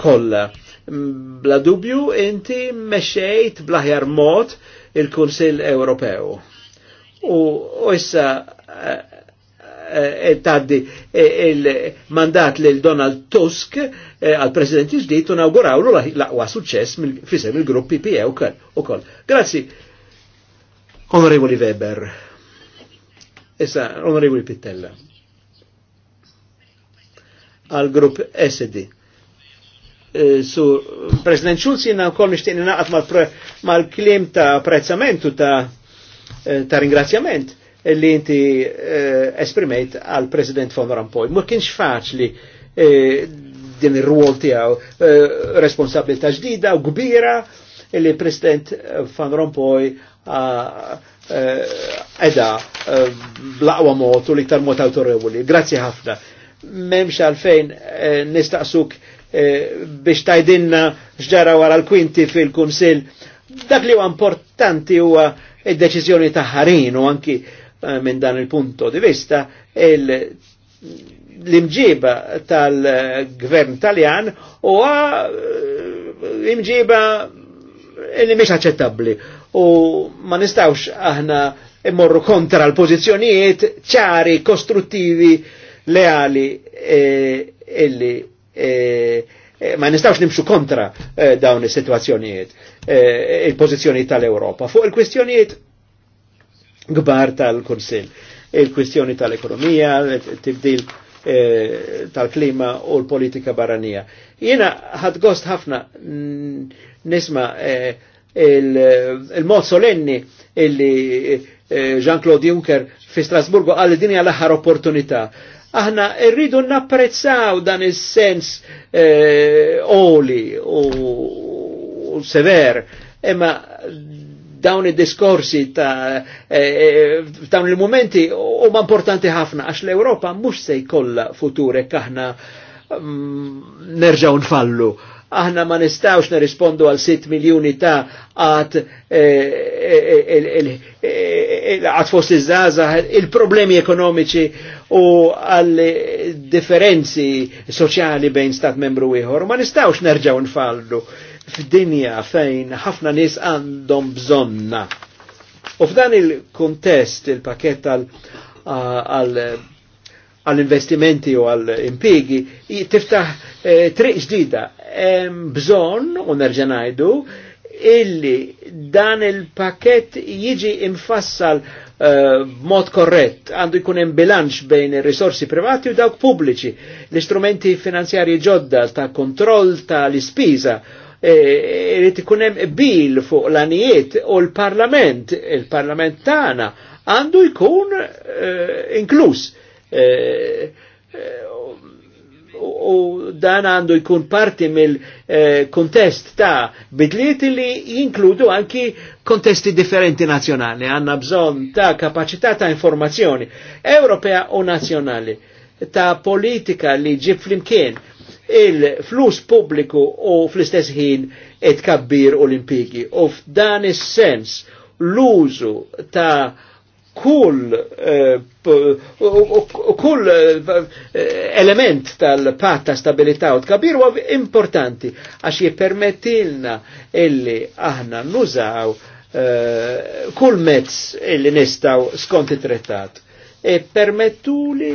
kollha. Mm, bla dubju inti mexxejt blaħjar mod il-Kunsill Ewropew. U issa Eh, e taddi e, il-mandat lil Donald Tusk eh, għal president ġdid u nawgurawlu laqwa aqwa suċċess fisem il-grupp PPE u koll. Grazzi. Onorevoli Weber. Issa, onorevoli Pittella. Għal grupp SD. Eh, su President Schulz jina kol nishtiqni naqat mal-klim ta' apprezzamentu ta' ta' ringrazzjament li inti eh, esprimejt għal President von Rampoj. Ma kienx faċli eh, din ir-rwol tiegħu eh, responsabilità ġdida u kbira li President Van Rompuy ah, edha blaqwa mod u li tar mod autorevoli. Grazzi ħafna. Memx għalfejn nistaqsuk biex tajdinna xġara wara l-kwinti fil-Kunsil. Dak li huwa importanti huwa id-deċiżjoni ta' ħarin u anki Eh, minn dan il-punto di vista il l-imġiba tal-gvern taljan u eh, imġiba li mhix aċċettabbli u ma nistawx aħna immorru kontra l-pożizzjonijiet ċari, kostruttivi, leali eh, illi e, ma nistawx nimxu kontra e, dawn is-sitwazzjonijiet il-pożizzjonijiet tal-Ewropa. Fuq il-kwistjonijiet gbar tal-Kunsil. Il-kwistjoni tal-ekonomija, tibdil eh, tal-klima u l-politika barranija. Jena ħad gost ħafna nisma eh, il-mod solenni illi eh, Jean-Claude Juncker fi Strasburgo għal dinja l-aħħar opportunità. Aħna rridu napprezzaw dan is-sens oli u, u sever, imma dawn id-diskorsi ta' eh, eh, dawn il-momenti huma importanti ħafna għax l-Ewropa mhux se jkollha future kaħna mm, nerġaw nfallu. Aħna ma nistawx nirrispondu għal 6 miljuni ta' għat eh, għat fost iż-żaza, il-problemi ekonomiċi u għal differenzi soċjali bejn stat membru ieħor. Ma nistawx nerġaw nfallu f'dinja fejn ħafna nies għandhom bżonna. U f'dan il-kontest il-pakett għall-investimenti u għall-impigi tiftaħ e, triq ġdida. Hemm bżonn u nerġa' ngħidu illi dan il-pakett jiġi infassal e, b'mod korrett, għandu jkun hemm bilanċ bejn ir-risorsi privati u dawk pubbliċi, l-istrumenti finanzjarji ġodda ta' kontroll ta' l-ispiża Eh, irrid ikun hemm bil fuq l-anijiet u l-Parlament, il-Parlament tagħna għandu jkun eh, inkluż. Eh, u dan għandu jkun parti mill-kontest ta' bidliet li jinkludu anki kontesti differenti nazjonali. Għanna bżon ta' kapacità ta' informazzjoni Ewropea u nazjonali ta' politika li ġib flimkien il-flus publiku u fl-istess ħin et kabbir olimpiki. U f'dan is-sens l-użu ta' kull eh, kull eh, element tal-pat ta' stabilità u tkabir huwa importanti għax jippermettilna illi aħna nużaw eh, kull mezz illi nistaw skont it-trettat. E permettuli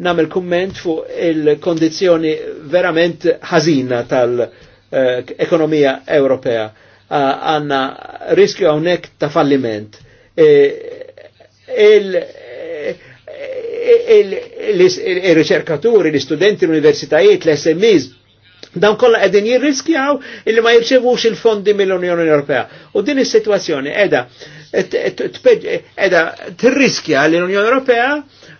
namel komment fuq il-kondizjoni verament ħażina tal-ekonomija Ewropea. Għanna riskju għonek ta' falliment. E, Il-riċerkaturi, e, l-studenti, l-universitajiet, l smis dan kolla edin jirriskjaw il-li ma jirċevux il-fondi mill-Unjoni Ewropea. U din is situazzjoni edha edha t tirriskja l-Unjoni Ewropea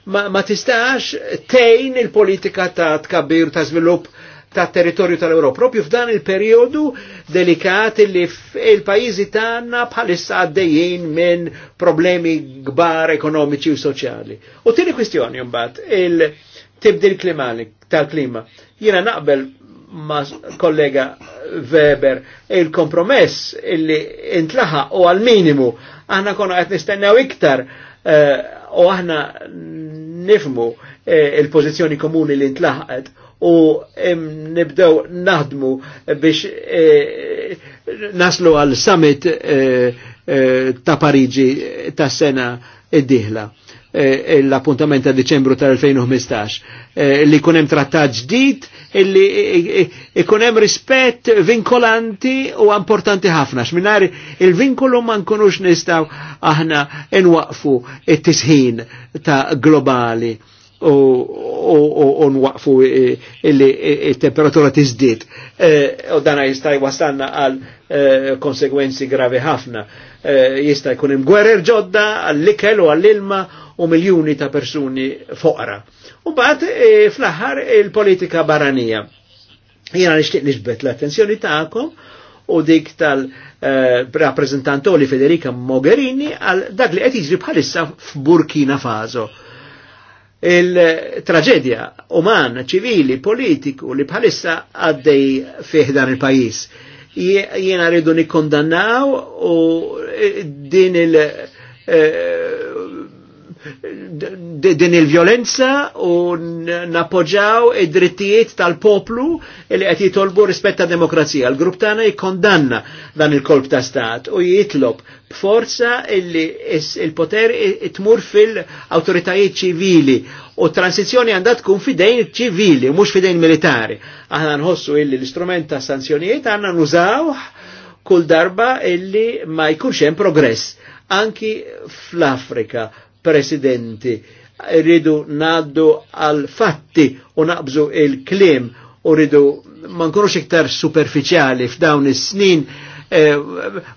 ma, ma tistax tejn il-politika ta' tkabbir ta' svilup ta' territorju tal-Europa. Propju f'dan il-periodu delikat li il-pajizi tagħna bħalissa għaddejjin minn problemi kbar ekonomiċi u soċjali. U tieni kwistjoni mbagħad il-tibdil klimali tal-klima. Jiena naqbel ma kollega Weber il-kompromess illi intlaħa u għal-minimu aħna konna qed nistennew iktar eh, u aħna nifmu eh, il-pozizjoni komuni li ntlaħqet u nibdew naħdmu biex eh, naslu għal summit eh, ta' Pariġi ta' sena id-dihla. Eh, eh, l-appuntament ta' Deċembru tal-2015 eh, li kunem trattat ġdid li kunem e, rispett vinkolanti u importanti ħafna Xminari, il-vinkolu man kunux nistaw aħna nwaqfu it-tisħin ta' globali u, u, nwaqfu illi il-temperatura tiżdied u dana jistaj wasanna għal konsekwenzi gravi ħafna Jistaj kunem gwerer ġodda għall likel u għall-ilma u miljuni ta' persuni foqra. U bat e, fl-aħħar il-politika barranija. Jena nixtieq nisbet l-attenzjoni ta'kom u dik tal-rappresentantoli eh, Federica Mogherini għal dak li qed jiġri bħalissa f'Burkina Faso. Il-traġedja uman, ċivili, politiku li bħalissa għaddej fih dan il-pajis. Jiena rridu nikkondannaw u din il- e, din il-violenza u napoġaw id-drittijiet tal-poplu li qed jitolbu rispetta demokrazija. L-grupp tagħna jikkondanna dan il-kolb ta' stat u jitlob b'forza illi il-poter tmur fil-awtoritajiet ċivili u transizjoni għandha tkun fidejn ċivili u mhux fidejn militari. Aħna nħossu illi l-istrument ta' sanzjonijiet għandna nużawh kull darba illi ma jkunx hemm progress anki fl-Afrika presidenti. Rridu naddu għal fatti u naqbżu il-klim u rridu ma nkunux iktar superficiali f'dawn is-snin eh,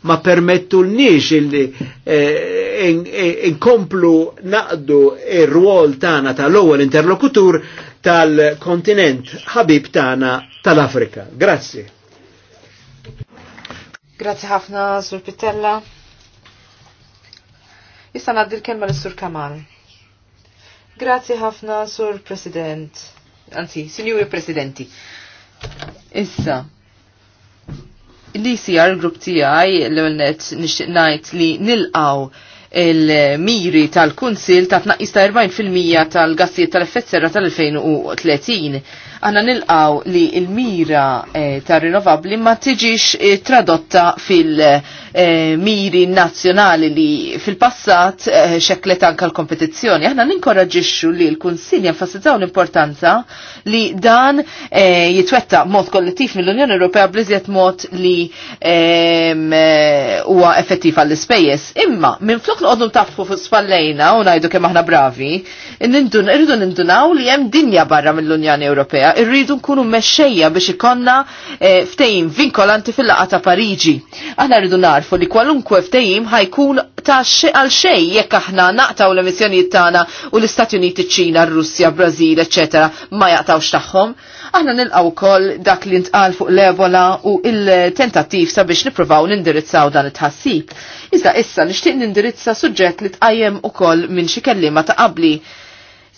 ma permettu l-nix illi eh, inkomplu naqdu il ruol tana tal-ewwel interlokutur tal-kontinent ħabib tana tal-Afrika. Grazzi. Grazzi ħafna, Sur Pitella. Issa ngħaddi l-kelma l sur Kamal. Grazzi ħafna, Sur President. Anzi, Signori Presidenti. Issa, l-ICR grupp tiegħi l għolnet nix ngħid li nilqgħu il-miri tal-Kunsil ta' tnaqqis ta' 40% tal-gassijiet tal-effett serra tal-2030. Għanna nilqaw li il-mira eh, ta' rinnovabli ma tiġix eh, tradotta fil-miri eh, nazzjonali li fil-passat xeklet anka l-kompetizzjoni. Aħna ninkoraġixxu li l-Kunsil jenfasizzaw l-importanza li dan jitwetta mod kollettiv mill-Unjoni Ewropea bliżiet mod li huwa effettiv għall-ispejjeż. Imma minn flok mhux noqogħdu taffu fuq spallejna u ngħidu kemm aħna bravi, irridu nindunaw li hemm dinja barra mill-Unjoni Ewropea, irridu nkunu mexxejja biex ikonna eh, ftejim vinkolanti fil laqa ta' Pariġi. Aħna rridu narfu li kwalunkwe ftejim ħajkun ta' għal xej jekk aħna naqtaw l-emissjonijiet tagħna u l-Istati Uniti, ċina, Russja, Brażil, eċetera, ma jaqtawx tagħhom. Aħna nilqgħu wkoll dak li ntqal fuq l-Ebola u il-tentattiv sabiex nippruvaw nindirizzaw dan it-ħassib. Iżda issa nixtieq nindirizza suġġett li tqajjem ukoll minn xi kelliema ta' qabli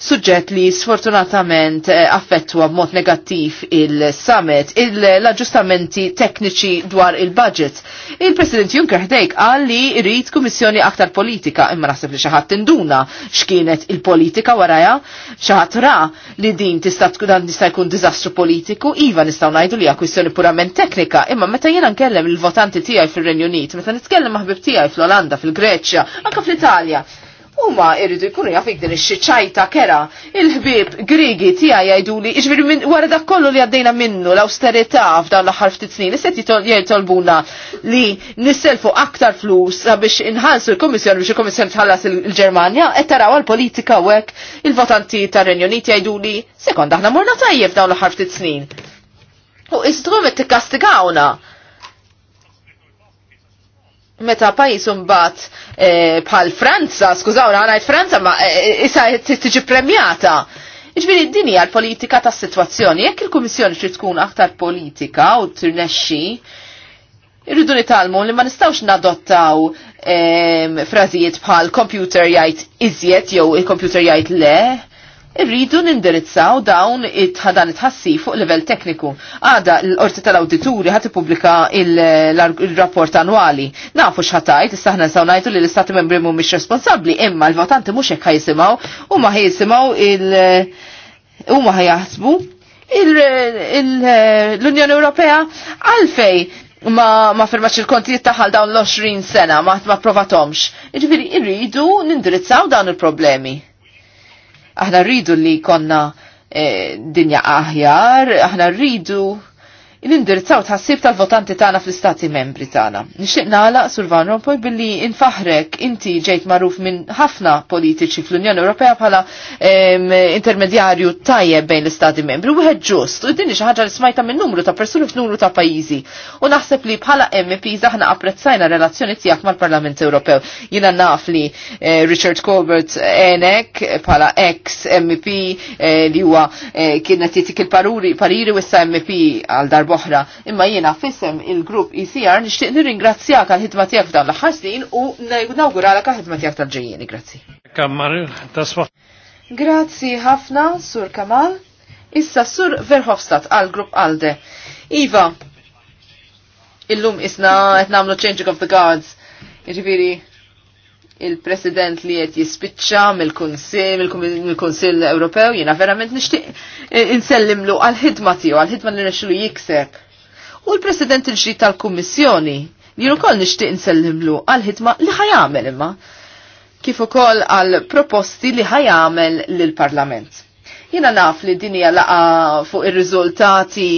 suġġett li sfortunatament eh, affettwa b'mod negattiv il-summit, l-aġġustamenti tekniċi dwar il-budget. Il-President Juncker ħdejk qal li rrid kummissjoni aktar politika, imma naħseb li xaħat tinduna x'kienet il-politika waraja, xaħat ra li din tista' dan tista' jkun diżastru politiku, iva nistgħu ngħidu li hija kwistjoni purament teknika, imma meta jiena nkellem il-votanti tiegħi fil renjunit Unit, meta nitkellem maħbib tiegħi fl-Olanda, fil-Greċja, anke fl-Italja, huma irridu jkunu jafik din ix-xiċajta kera. Il-ħbieb Grigi tiegħi jgħiduli jiġifieri minn wara dak kollu li għaddejna minnu l-awsterità f'dawn l-aħħar ftit snin, isset jitolbuna li nisselfu aktar flus sabiex inħallsu l-Kummissjoni biex il-Kummissjoni tħallas il-Ġermanja qed taraw għall-politika hekk il-votanti tar-Renju Unit jgħiduli sekond aħna morna tajjeb dawn l-aħħar ftit snin. U istrumet tikkastigawna meta pajis mbagħad eh, bħal Franza, skużaw ngħid Franza ma eh, eh, issa tiġi premjata. Iġbiri din hija l-politika ta' situazzjoni. Jekk il-Kummissjoni trid tkun aktar politika u tirnexxi, irridu nitalmu li ma nistawx nadottaw frażijiet bħal computer jgħid iżjed jew il-computer jgħid le irridu nindirizzaw dawn it-ħadan it-ħassi fuq livell tekniku. Għada l-orti tal-awdituri ħati publika il-rapport annwali. Nafu xħatajt, istaħna saw najtu li l-istati membri mu mux responsabli, imma l-votanti mux ekk ħajsimaw, u ma ħajisimaw il- u ma ħajasbu l-Unjoni Ewropea għalfej ma, ma firmax il-kontijiet taħal dawn l-20 sena, ma, ma provatomx. Iġviri, irridu nindirizzaw dawn il-problemi. Aħna rridu li konna eh, dinja aħjar, aħna rridu nindirizzaw tħassib tal-votanti tagħna fl-istati membri tagħna. Nixtieq nagħlaq sur Van Rompuy billi infaħrek inti ġejt magħruf minn ħafna politiċi fl-Unjoni Ewropea bħala intermedjarju tajjeb bejn l-istati membri u wieħed ġust u din xi ħaġa li smajta minn numru ta' persuni f'numru ta' pajjiżi. U naħseb li bħala MP aħna apprezzajna relazzjoni tiegħek mal-Parlament Ewropew. Jiena naf li eh, Richard Colbert eh, enek bħala ex MP eh, li huwa kienet jitik il-pariri u issa MP għal darba boħra. Imma jiena fissem il-grupp ECR nixtieq nirringrazzjak għal ħidma tiegħek f'dan l-aħħar snin u nawguralek għal ħidma tiegħek tal ġejjien Grazzi. Kamal, taswa. Grazzi ħafna, Sur Kamal. Issa Sur Verhofstadt għal grupp Alde. Iva, illum isna qed nagħmlu changing of the gods Iġviri, il-President li qed jispiċċa mill-Kunsill mill-Kunsill Ewropew jiena verament nixtieq eh, insellimlu għall-ħidma tiegħu għall-ħidma li nexxilu jikseb. U l-President il-ġdid tal-Kummissjoni jien ukoll nixtieq insellimlu għall-ħidma li ħajamel imma kif ukoll għal proposti li ħajamel lill-Parlament. Jiena naf li din hija laqa fuq ir-riżultati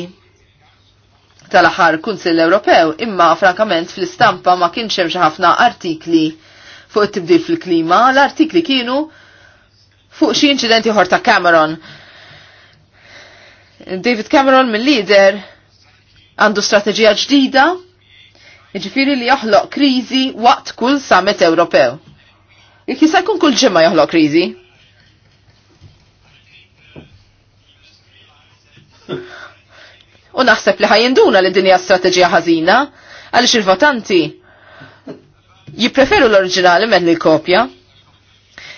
tal-aħħar Kunsill Ewropew, imma frankament fl-istampa ma kienx hemm xi ħafna artikli fuq it-tibdil fil-klima, l-artikli kienu fuq xi inċidenti ħor ta' Cameron. David Cameron mill-lider għandu strateġija ġdida jiġifieri li joħloq kriżi waqt kull summit Ewropew. Jek jista' jkun kull ġimma joħloq kriżi. U naħseb li ħajinduna li dinja strateġija ħażina għaliex il-votanti jippreferu l orġinali minn l-kopja?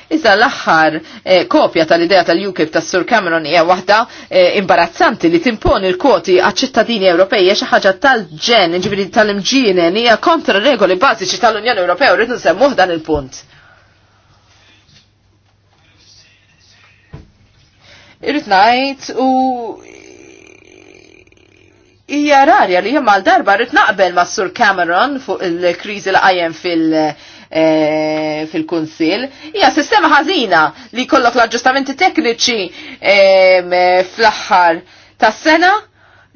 Iżda l-aħħar kopja Iżda l-aħħar kopja tal-idea tal-UKIP tas Sur Cameron hija waħda eh, imbarazzanti li timponi l-kwoti għaċ-ċittadini Ewropej xi ħaġa tal-ġen, ġifieri tal-imġienen hija kontra regoli bażiċi tal-Unjoni Ewropea u rrid nsemmuh dan il-punt. Irrid ngħid u hija rarja li jemma l-darba rrit naqbel ma' Sur Cameron fuq il-krizi l qajjem fil- eh, fil-kunsil. Hija sistema ħażina li kollok l-aġġustamenti tekniċi eh, fl-aħħar tas-sena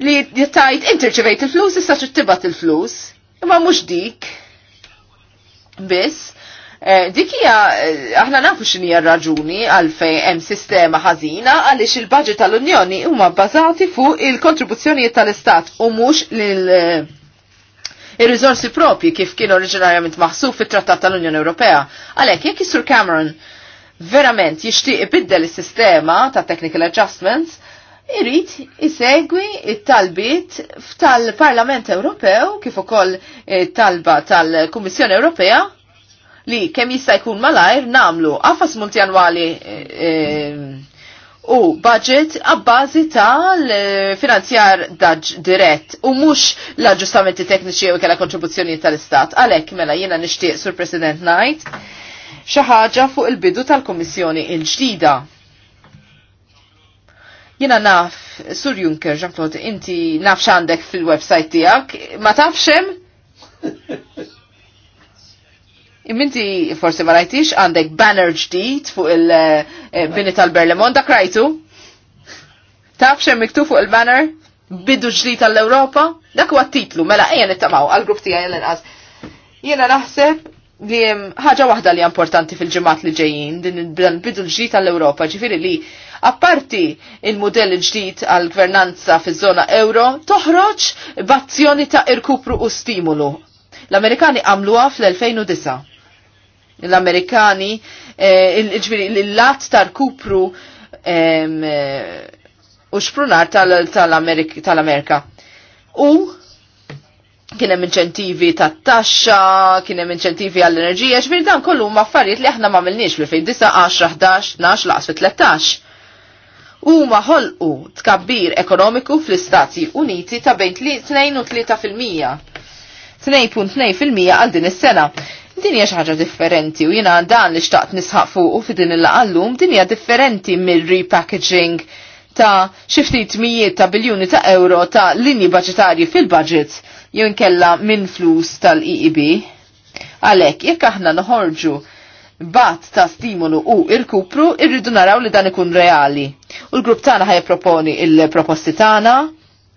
li jittajt interċivejt il-flus issa tibat il-flus. Imma mhux dik. Biss, Eh, Dik hija eh, aħna nafu x'inhi r-raġuni għalfejn hemm sistema ħażina għaliex il budget tal-Unjoni huma bbażati fuq il-kontribuzzjonijiet tal-Istat u mhux lil eh, ir-riżorsi propji kif kien oriġinarjament maħsub fit-Trattat tal-Unjoni Ewropea. Għalhekk jekk Sur Cameron verament jixtieq ibiddel is-sistema ta' technical adjustments, irrit isegwi it-talbiet tal-Parlament Ewropew kif ukoll talba tal-Kummissjoni Ewropea li kemm jista' jkun malajr namlu għafas multjanwali eh, eh, u budget għabbażi tal-finanzjar daġ dirett u mux l-aġustamenti tekniċi u kella kontribuzzjoni tal-istat. Għalek, mela jena nishtiq sur President Knight xaħġa fuq il-bidu tal-Komissjoni il-ġdida. Jena naf, Sur Juncker, Jean-Claude, inti naf xandek fil-websajt tijak, ma tafxem? Imminti forse ma rajtix għandek banner ġdid fuq il-bini eh, eh, tal-Berlemon, dak rajtu? Taf xem miktu fuq il-banner? Bidu ġdid tal-Europa? Dak huwa titlu, mela ejja nittamaw għal-grupp tiegħi l-inqas. Jiena naħseb li ħaġa waħda li importanti fil-ġemat li ġejjin din il-bidu l-ġdid tal-Europa, ġifiri li apparti il-modell ġdid għal-gvernanza fiż-żona euro, toħroġ b'azzjoni ta' irkupru u stimulu. L-Amerikani għamluha fl-2009 l-Amerikani, eh, l-lat tal-kupru eh, u xprunar tal-Amerika. U kienem inċentivi ta' taxxa, kienem inċentivi għall-enerġija, ġviri dan kollu maffariet li aħna ma' milniex fil-fejn 9, 10, 11, 12, laqs fi 13 huma ħolqu tkabbir ekonomiku fl-Istati Uniti ta' bejn 2 u 3 fil-mija. 2.2 fil-mija għal din is-sena. Din hija xi ħaġa differenti u jiena dan li xtaqt nisħaq fuq fi din il-laqallum din hija differenti mill-repackaging ta' xi ftit mijiet ta' biljuni ta' euro ta' linji budgetarji fil-budget jew inkella minn flus tal eeb Għalhekk jekk aħna noħorġu bat ta' stimolu u irkupru irridu naraw li dan ikun reali. U l-grupp tagħna ħaj proponi il-proposti tagħna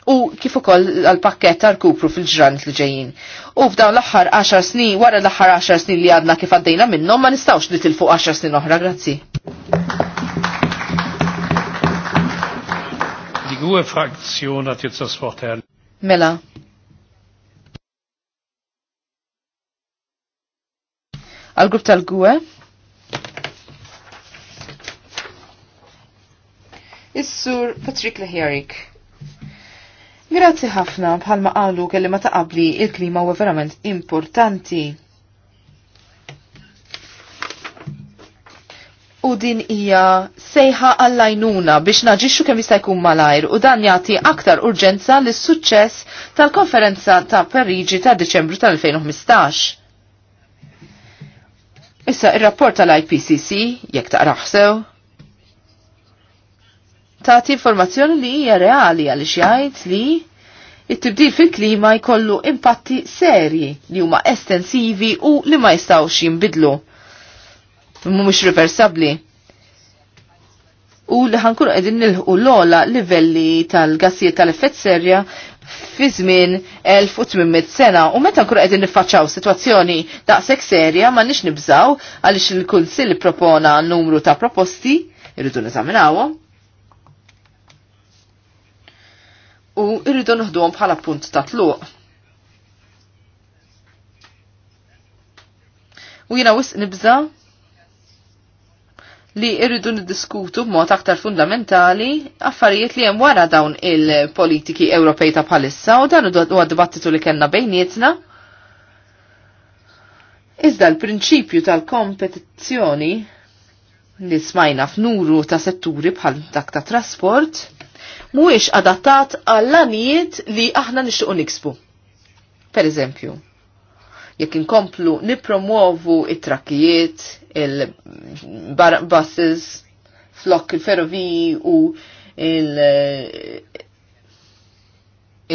u kif ukoll għal pakket ta' rkupru fil-ġrant li ġejjin. U f'dawn l-aħħar 10 snin, wara l-aħħar 10 snin li għadna kif għaddejna minnhom ma nistgħux nitilfu 10 snin oħra, grazzi. Digwe GUE Fraktion hat Mela. għal grupp tal gwe Is-sur Patrick Leherik. Grazzi ħafna bħalma qalu kelli ma taqabli il-klima huwa verament importanti. U din hija sejħa għallajnuna biex naġixxu kemm jista' jkun malajr u dan jagħti aktar urġenza lis suċċess tal-konferenza ta' Parigi ta' Deċembru tal-2015. Issa ir-rapport tal-IPCC jekk ta' raħsew, tagħti informazzjoni li hija reali għaliex jgħid li it-tibdil fil-klima jkollu impatti serji li huma estensivi u li ma jistawx jinbidlu. Mhumiex reversabbli. U li ħankunu qegħdin nilħu l-ola livelli tal-gassijiet tal-effett serja fi żmien 1800 sena u meta nkunu qegħdin niffaċċaw sitwazzjoni daqshekk serja ma nix nibżaw għaliex il-Kunsill propona numru ta' proposti irridu nesaminawhom. u irridu nħduhom bħala punt ta' tluq. U jina wisq nibża li irridu niddiskutu b'mod aktar fundamentali affarijiet li hemm wara dawn il-politiki Ewropej ta' bħalissa u dan huwa dibattitu li kellna bejnietna. Iżda l-prinċipju tal-kompetizzjoni li smajna f'nuru ta' setturi bħal dak ta' trasport mhuwiex adattat għall-anijiet li aħna nixtiequ niksbu. Per eżempju, jekk inkomplu nipromuovu it-trakkijiet, il-buses, flok il-ferroviji u il-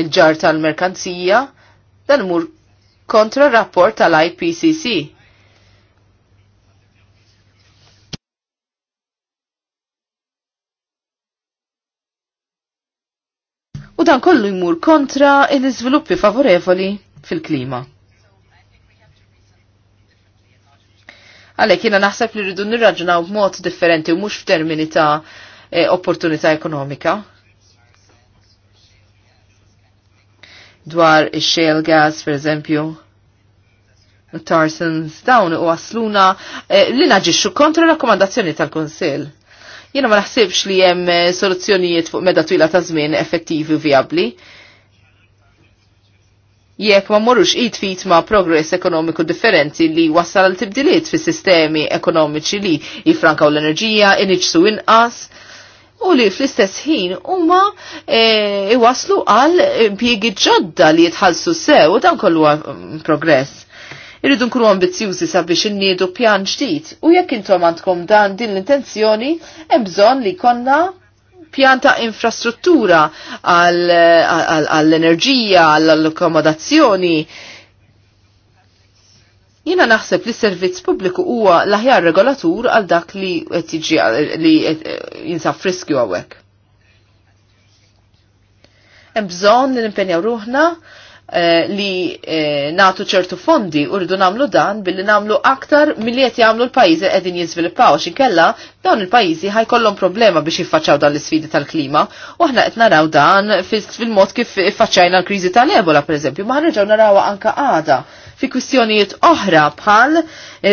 il-ġar tal-merkanzija, dan mur kontra rapport tal-IPCC u dan kollu jmur kontra il-izviluppi favorevoli fil-klima. Għalek jina naħseb li rridu nirraġunaw b'mod differenti u mhux f'termini ta' e, opportunità ekonomika. Dwar ix-shale gas, per eżempju, Tarsons, dawn u għasluna e, li naġixxu kontra rakkomandazzjoni tal-Konsil. Jiena ma naħsibx li hemm eh, soluzzjonijiet fuq meda twila ta' żmien effettivi u viabli. Jekk ma morrux id fit ma' progress ekonomiku differenti li wassal għal tibdiliet fis sistemi ekonomiċi li jifrankaw l-enerġija, iniġsu inqas, u li fl-istess ħin huma eh, iwaslu għal impjiegi ġodda li jitħallsu sew u dan kollu mm, progress. Irridu nkunu ambizjużi sabiex inniedu pjan ġdid u jekk intom għandkom dan din l-intenzjoni hemm bżonn li konna pjan ta' infrastruttura għall-enerġija, għall-akkomodazzjoni. Jina naħseb li s-servizz pubbliku huwa l-aħjar regolatur għal dak li qed li eh, jinsab friskju hawnhekk. Hemm bżonn li nimpenjaw ruħna Eh, li eh, natu ċertu fondi u rridu namlu dan billi namlu aktar milli qed jagħmlu l-pajjiżi qegħdin jiżviluppaw xinkella dawn il-pajjiżi ħajkollhom problema biex jiffaċċaw dan l-isfidi tal-klima u aħna qed naraw dan fil-mod kif iffaċċajna l-kriżi tal-Ebola pereżempju ma ħarġgħu narawha anka għada fi kwistjonijiet oħra bħal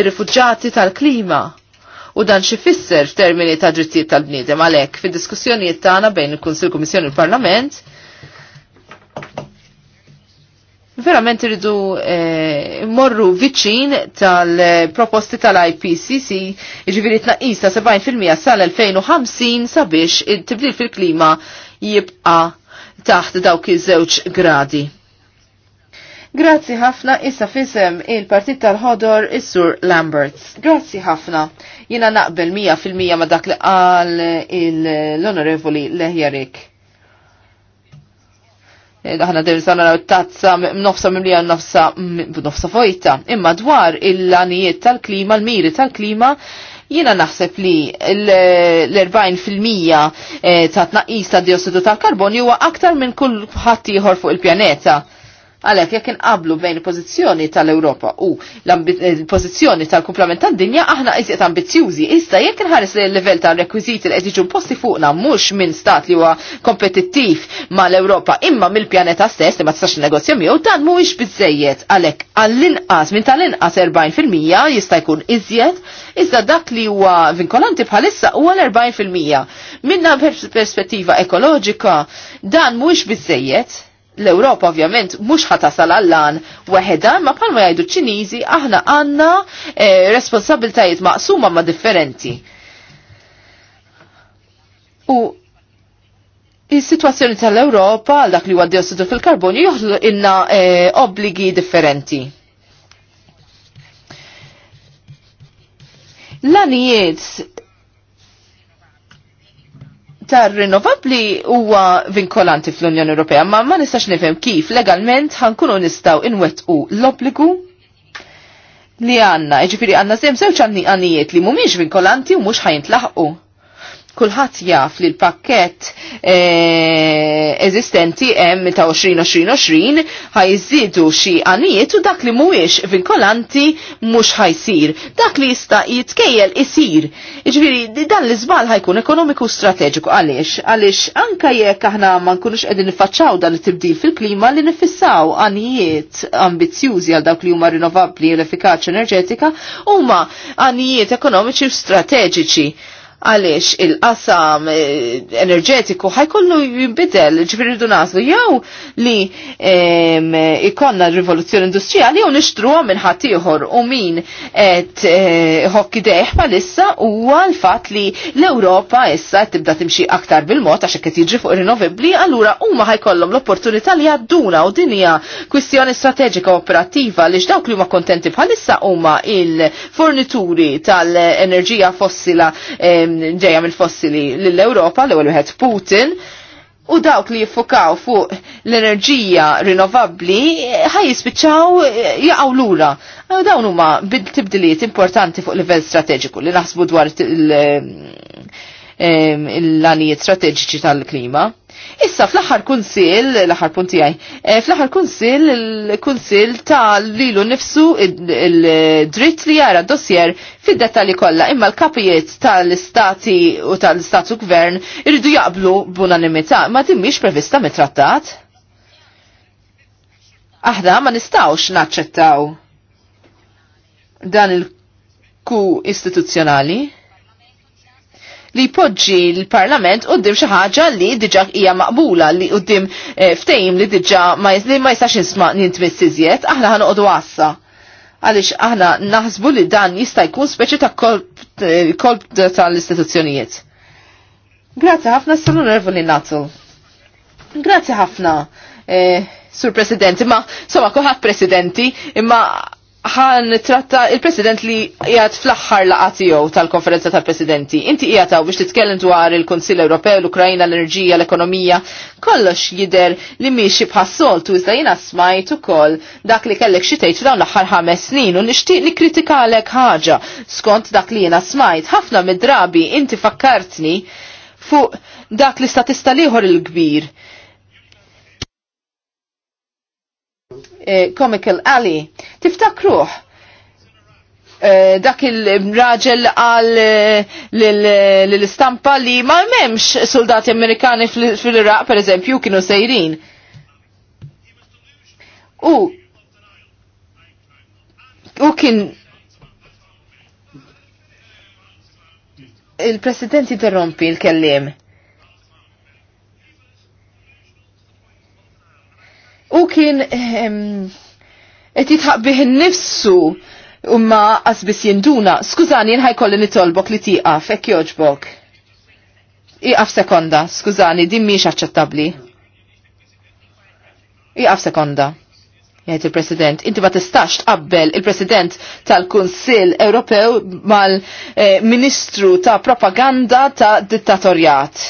rifuġġati tal-klima u dan xi fisser f'termini ta' drittijiet tal-bniedem għalhekk fid-diskussjonijiet tagħna bejn il-Kunsill Kummissjoni u l-Parlament verament irridu morru viċin tal-proposti tal-IPCC, ġiviri tnaqis ta' 70% sal-2050 sabiex tibdil fil-klima jibqa taħt dawk iż-żewġ gradi. Grazzi ħafna issa fisem il-partit tal-ħodor is-sur Lamberts. Grazzi ħafna. Jina naqbel 100% ma dak li qal l-onorevoli Leħjarik daħna dirżana naraw tazza nofsa mimlija nofsa nofsa fojta. Imma dwar il-lanijiet tal-klima, l-miri tal-klima, jina naħseb li l-40% eh, ta' tnaqqis ta' diossidu tal karbon huwa aktar minn kull ħadd ieħor fuq il-pjaneta Għalek, jek inqablu bejn pozizjoni tal-Europa u eh, l-pozizjoni tal-kumplament tad-dinja, aħna iżjed ambizjużi. issa jekk inħares li l-level tal-rekwiziti li qed jiġu posti fuqna mhux minn stat li huwa kompetittiv mal-Europa imma mill-pjaneta stess li ma tistax negozja miegħu dan mhuwiex biżejjed. Għalek, għall-inqas minn tal-inqas 40% jista' jkun iżjed, iżda dak li huwa vinkolanti bħalissa huwa l-40%. Minna perspettiva ekoloġika dan mhuwiex biżejjed l-Europa ovvjament mhux ħatasal għall-lan weħeda, ma palma jgħidu ċiniżi aħna għandna eh, responsabiltajiet maqsuma ma differenti. U is-sitwazzjoni tal-Europa għal dak li huwa diossidu fil-karbonju joħlu inna e, obbligi differenti. l tar rinnovabli huwa vinkolanti fl-Unjoni Ewropea, ma ma nistax nifhem kif legalment ħankunu nistgħu inwettqu l-obbligu li għanna, ġifiri għanna sem sewċ għannijiet li mumiex vinkolanti u mux ħajint Kulħadd jaf li l-pakkett eh, eżistenti hemm ta' 2020 ħajżidu xi għanijiet u dak li mhuwiex vinkolanti mhux ħajsir. Dak li jista' jitkejjel isir. Jiġifieri dan l-iżbal ħajkun ekonomiku strateġiku għaliex għaliex anka jekk aħna ma nkunux qegħdin niffaċċaw dan it-tibdil fil-klima li nifissaw għanijiet ambizzjużi għal dawk li huma rinnovabbli u l-effikaċja enerġetika huma għanijiet ekonomiċi u strateġiċi għaliex il-qasam eh, enerġetiku ħajkollu jimbidel, ġifiri rridu naslu jew li ikonna rivoluzzjoni industrijali jew nixtruha minn ħaddieħor u min qed eh, ħokki deħ bħalissa huwa l-fatt li l-Ewropa issa qed tibda timxi aktar bil-mod għax qed jiġri fuq rinnovabbli, allura huma ħajkollhom l-opportunità li għadduna u din hija kwistjoni strateġika operattiva li x'dawk li huma kontenti bħalissa huma il-fornituri tal-enerġija fossila eh, ġejja mill-fossili lill-Ewropa, l-ewwel wieħed Putin, u dawk li jiffukaw fuq l-enerġija rinnovabbli ħaj jispiċċaw jaqgħu lura. Eh, dawn huma tibdiliet importanti fuq livell strateġiku li naħsbu dwar l-għanijiet strateġiċi tal-klima. Issa fl-aħħar kunsil, l-aħħar punti għaj, eh, fl-aħħar kunsil, l-kunsil ta' lilu nifsu il-dritt li jara dossier fid-dettali kollha, imma l-kapijiet tal-istati u tal-istatu gvern irridu jaqblu b'unanimità, ma timmix prevista mit-trattat. Aħna ma nistawx naċċettaw dan il-ku istituzzjonali li podġi l-Parlament qudiem xi ħaġa li diġà hija maqbula li dim eh, ftejm li diġà ma jistax nisma' nintmiss iżjed, aħna ħanoqogħdu għassa. Għaliex aħna naħsbu li dan jista' jkun speċi ta' kolb eh, tal-istituzzjonijiet. Grazzi ħafna s-sunu nervu li natu. Grazzi ħafna, eh, Sur Presidenti, ma, soma' kuħat Presidenti, imma ħan tratta il-president li jgħat fl-axħar laqatiju tal-konferenza tal-presidenti. Inti jgħataw biex titkellem dwar il-Konsil Ewropew, l ukrajina l-Enerġija, l-Ekonomija, kollox jider li miexi bħassol tu iżda jina smajt ukoll dak li kellek xitejt f'dawn l-axħar ħames snin u nixtieq li kritikalek ħaġa skont dak li jina smajt. Ħafna mid-drabi inti fakkartni fuq dak li statista liħor il-kbir Eh, comical Alley. Tiftakruh eh, dak il-raġel għal eh, l-istampa li ma memx soldati amerikani fil-Iraq, per eżempju, kienu sejrin. U u kien il-president interrompi il-kellim. u kien ehm, qed jitħaq bih innifsu umma qasbis jinduna. Skużani, jien ħajkolli nitolbok li tieqaf, hekk joġbok. Iqaf sekonda, skużani, din mhix aċċettabbli. Iqaf sekonda. Jgħid il-President, inti ma tistax tqabbel il-President tal-Kunsill Ewropew mal-Ministru eh, ta' Propaganda ta' Dittatorjat.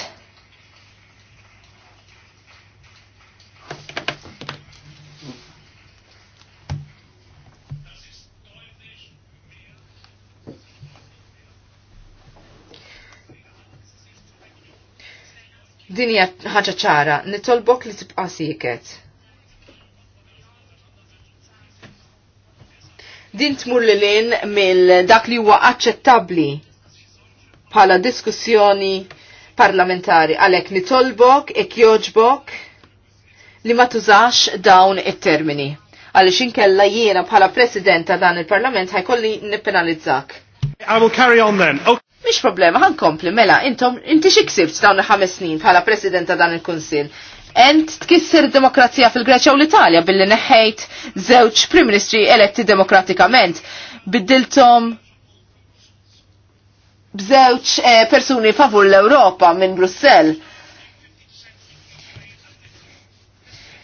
Din hija ħaġa ċara, nitolbok li tibqa' siket. Din tmur li lin mill dak li huwa aċċettabbli bħala diskussjoni parlamentari għalhekk nitolbok ek joġbok li ma tużax dawn it-termini. Għaliex inkella jiena bħala president ta' dan il-parlament ħajkolli nippenalizzak. I will carry on then. Okay. Mish problema, għan kompli, mela, intom, inti xiksibt dawn ħames snin bħala presidenta dan il-Kunsil. Ent tkissir demokrazija fil-Greċja u l-Italja billi neħejt żewġ Prim Ministri eletti demokratikament. Biddiltom bżewċ eh, persuni favur l-Europa minn Brussell.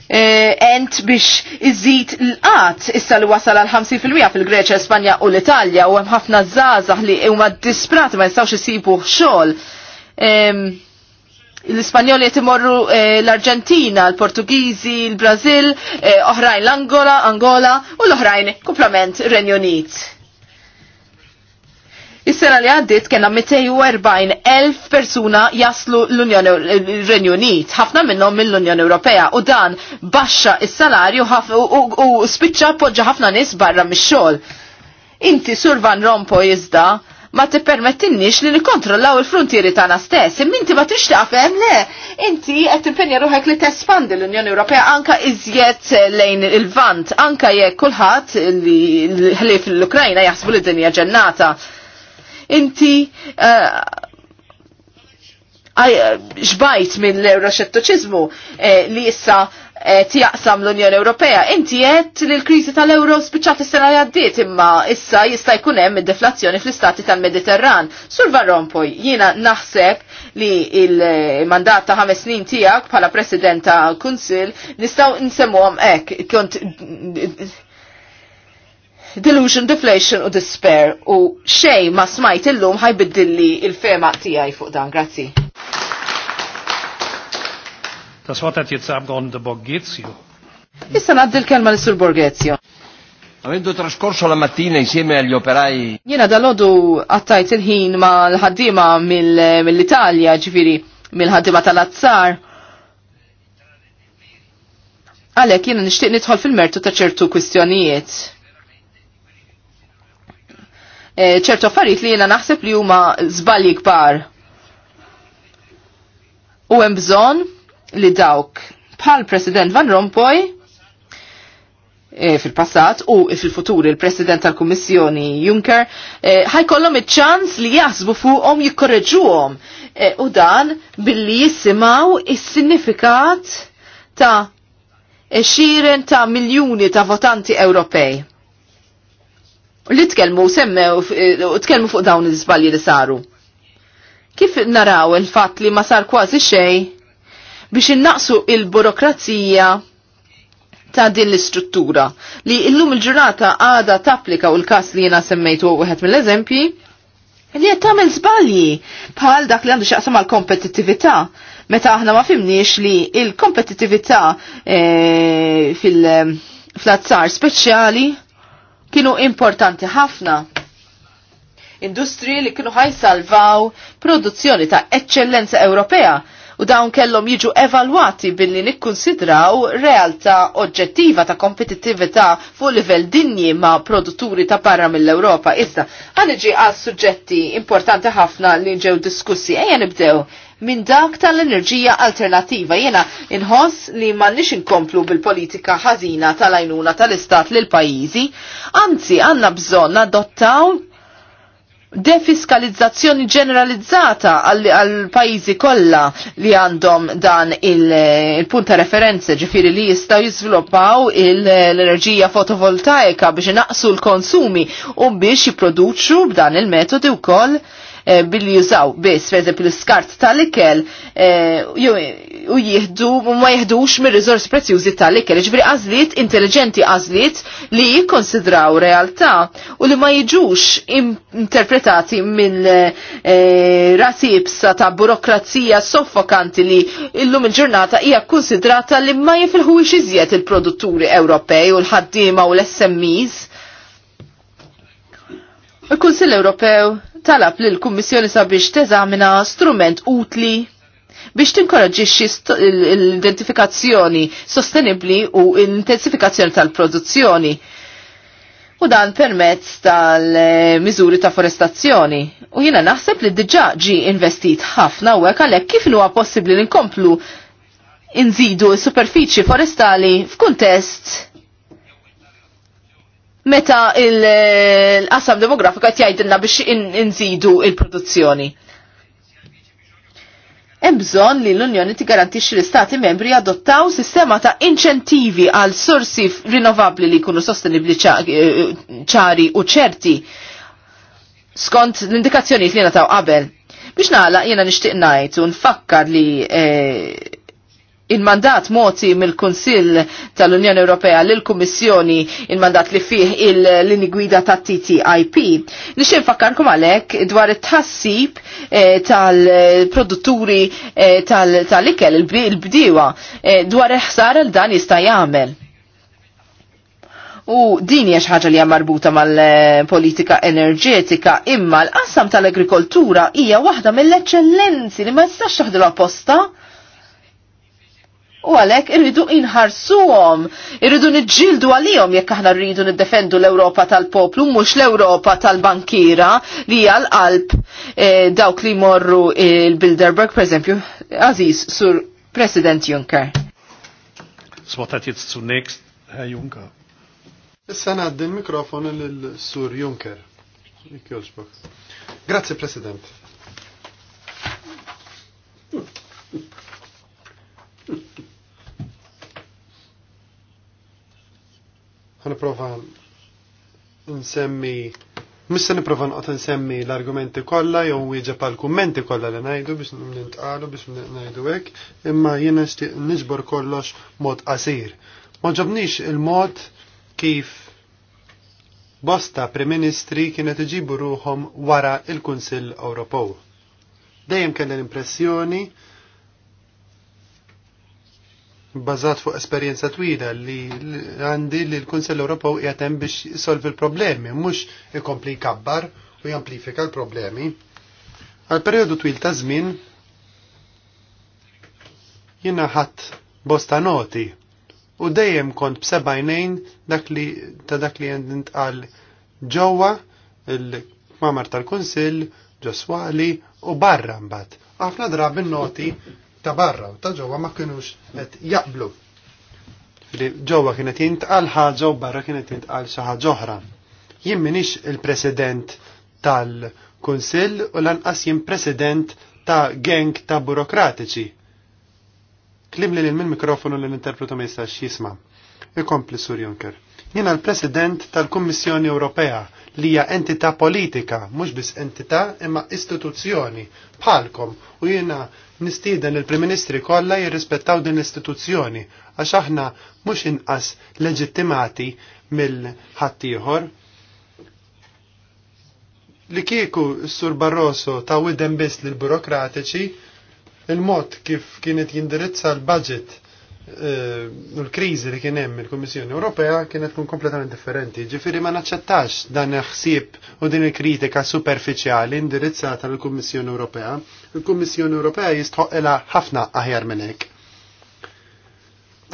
Eh, ent biex iżid l-qat issa li wasal għal 50% fil-Greċja, Spanja u l-Italja u hemm ħafna żgħażagħ li huma disprati ma jistgħux isibu xogħol. L-Ispanjoli qed imorru eh, l-Arġentina, l-Portugiżi, l-Brażil, eh, oħrajn l-Angola, Angola u l-oħrajn kumplament Renju Unit Is-sena li għaddit kena 240.000 persuna jaslu l-Unjoni Renju Unit, ħafna minnhom mill-Unjoni Ewropea u dan baxxa is-salarju u spiċċa poġġa ħafna nies barra mix-xogħol. Inti Sur Van Rompuy iżda ma tippermettinniex li nikkontrollaw il-frontieri tagħna stess. Imminti ma trix taqfem le, inti qed timpenja ruħek li tespandi l-Unjoni Ewropea anka iżjed lejn il-vant, anka jekk kulħadd li ħlief l-Ukrajna jaħsbu li dinja ġennata inti uh, xbajt minn l uh, eh, li issa eh, tijaqsam l-Unjoni Ewropea. Inti qed li l-kriżi tal-euro spiċċat s sena li għaddiet imma issa jista' jkun hemm id-deflazzjoni fl-istati tal-Mediterran. Sur Van poj, jiena naħseb li il-mandat ta' ħames snin tiegħek bħala President kunsil nistaw nistgħu nsemmuhom hekk kont delusion, deflation u despair u xej ma smajt illum ħajbiddilli il-fema tijaj fuq dan. Grazzi. Das Wort hat jetzt de Borghezio. Issa naddi l-kelma l sul Borghezio. Avendo trascorso la mattina insieme agli operai... Jena dal odu għattajt il-ħin ma l-ħaddima mill-Italja, ġifiri, mill-ħaddima tal-azzar. Għalek jena nishtiq nidħol fil-mertu ta' ċertu kwistjonijiet. Eh, ċertu affarijiet li jiena naħseb li huma żbalji kbar. U hemm bżonn li dawk bħal President Van Rompuy eh, fil-passat u fil-futur il-President tal-Kummissjoni Juncker eh, ħajkollhom iċ-ċans li jaħsbu fuqhom jikkorreġuhom u dan billi jissimgħu is-sinifikat ta' xiren ta' miljuni ta' votanti Ewropej li tkellmu semmew eh, u tkellmu fuq dawn iż-żbalji li saru. Kif naraw il-fatt li ma sar kważi xejn biex innaqsu il-burokrazija ta' din l-istruttura li illum il-ġurnata għada tapplika u l-kas li jena semmejtu u mill-eżempji li jett tamil zbalji bħal dak li għandu xaqsam għal kompetittività meta aħna ma fimniex li il-kompetittività eh, fil-flazzar speċjali kienu importanti ħafna. Industri li kienu ħajsalvaw produzzjoni ta' eccellenza Ewropea u dawn kellhom jiġu evalwati billi nikkonsidraw realtà oġġettiva ta' kompetittività fuq livell dinji ma' produtturi ta' barra mill-Ewropa. Issa, għaniġi għal suġġetti importanti ħafna li ġew diskussi, ejja nibdew minn dak tal-enerġija alternativa. Jena inħoss li ma nix inkomplu bil-politika ħażina tal-ajnuna tal-istat l pajjiżi anzi għanna bżon nadottaw defiskalizzazzjoni ġeneralizzata għal pajizi kollha li għandhom dan il-punt referenze ta' referenza ġifiri li jistaw jizviluppaw l-enerġija fotovoltaika biex naqsu l-konsumi u biex jiproduċu b'dan il-metodi wkoll Eh, billi jużaw biss, per eżempju, l-skart tal-ikel eh, u jihdu u ma jihdux mir rizorsi prezzjużi tal-ikel. Ġifieri għażliet intelligenti għażliet li jikkonsidraw realtà u li ma jiġux interpretati minn eh, rasibsa ta' burokrazija soffokanti li illum il-ġurnata hija konsidrata li ma jifilħu iżjed il-produtturi Ewropej u l-ħaddiema u l-SMEs Il-Kunsill Ewropew talab li l kummissjoni sabiex teżamina strument utli biex tinkoraġġixxi l-identifikazzjoni sostenibbli u l-intensifikazzjoni tal-produzzjoni u dan permezz tal-miżuri ta' forestazzjoni. U jina naħseb li diġa ġi investit ħafna u għalhekk kif huwa possibbli li nkomplu inżidu s-superfiċi forestali f'kuntest meta il-qasam demografika jgħidilna biex inżidu il-produzzjoni. Hemm bżonn li l-Unjoni tigarantixxi l-Istati membri adottaw sistema ta' inċentivi għal sorsi rinnovabbli li jkunu sostenibbli ċari u ċerti skont l-indikazzjonijiet li nataw qabel. Biex nagħlaq jiena nixtieq ngħid u nfakkar li eh, il-mandat moti mill-Kunsill tal-Unjoni Ewropea lill-Kummissjoni il-mandat li fih il-lini gwida ta' TTIP. Nixin fakkarkom għalek dwar it-tassib eh, tal-produtturi eh, tal-ikel il-bdiwa eh, dwar iħsar l-dan jista' jagħmel. U din hija xi ħaġa li hija marbuta mal-politika enerġetika, imma l-qassam tal-agrikoltura hija waħda mill-eċċellenzi li ma jistax taħdilha posta. U għalek irridu inħarsuhom, irridu nġildu għalihom jekk aħna rridu niddefendu l-Ewropa tal-poplu, mhux l-Ewropa tal-bankira li hija l-qalb e, dawk li morru il-Bilderberg, eżempju, Aziz sur President Juncker. Swatat su next, Herr Juncker. Issa ngħaddi l-mikrofon lil-Sur Juncker. Grazie President. you. ħanprofa nsemmi Missa niprofa nqot nsemmi l-argumenti kollha jew wieġeb għal kummenti kollha li ngħidu biex nintqalu biex ngħidu hekk, imma jien nixtieq niġbor kollox mod qasir. Ma ġabnix il-mod kif bosta Prim-Ministri kienet iġibu ruhom wara il-Kunsill Ewropew. Dejjem kellha l-impressjoni bazat fuq esperjenza twila li għandi li l-Kunsell Ewropew qiegħed hemm biex isolvi l-problemi, mhux ikompli jkabbar u jamplifika l-problemi. Għal perjodu twil ta' żmien jiena ħadd bosta noti u dejjem kont b'sebajnejn dak li ta' dak li intqal ġewwa il-mamar tal-Kunsill, ġoswali u barra mbagħad. Aħna drabi noti ta' barra u ta' ġewwa ma kinux qed jaqblu. Li ġewwa kienet jintqal ħaġa u barra kienet jintqal xi ħaġa oħra. Jien minix il-president tal-Kunsill u lanqas jien president ta' gang ta' burokratiċi. Klim li l-mikrofonu l-interpretu ma jistax jisma'. Ikompli Sur Junker. Jiena l-President tal-Kummissjoni Ewropea li hija entità politika, mhux biss entità imma istituzzjoni bħalkom u jiena nistieden il-Prim Ministri kollha jirrispettaw din l-istituzzjoni għax aħna mhux inqas leġittimati mill ħadd Li kieku s-Sur Barroso ta' widem biss lill burokratiċi il-mod kif kienet jindirizza l-budget Eh, l-krizi li kien hemm il-Kummissjoni Ewropea kienet tkun kompletament differenti. Ġifieri ma naċċettax dan il-ħsieb u din il-kritika superfiċjali indirizzata lill kummissjoni Ewropea. Il-Kummissjoni Ewropea jistħoqilha ħafna aħjar minn hekk.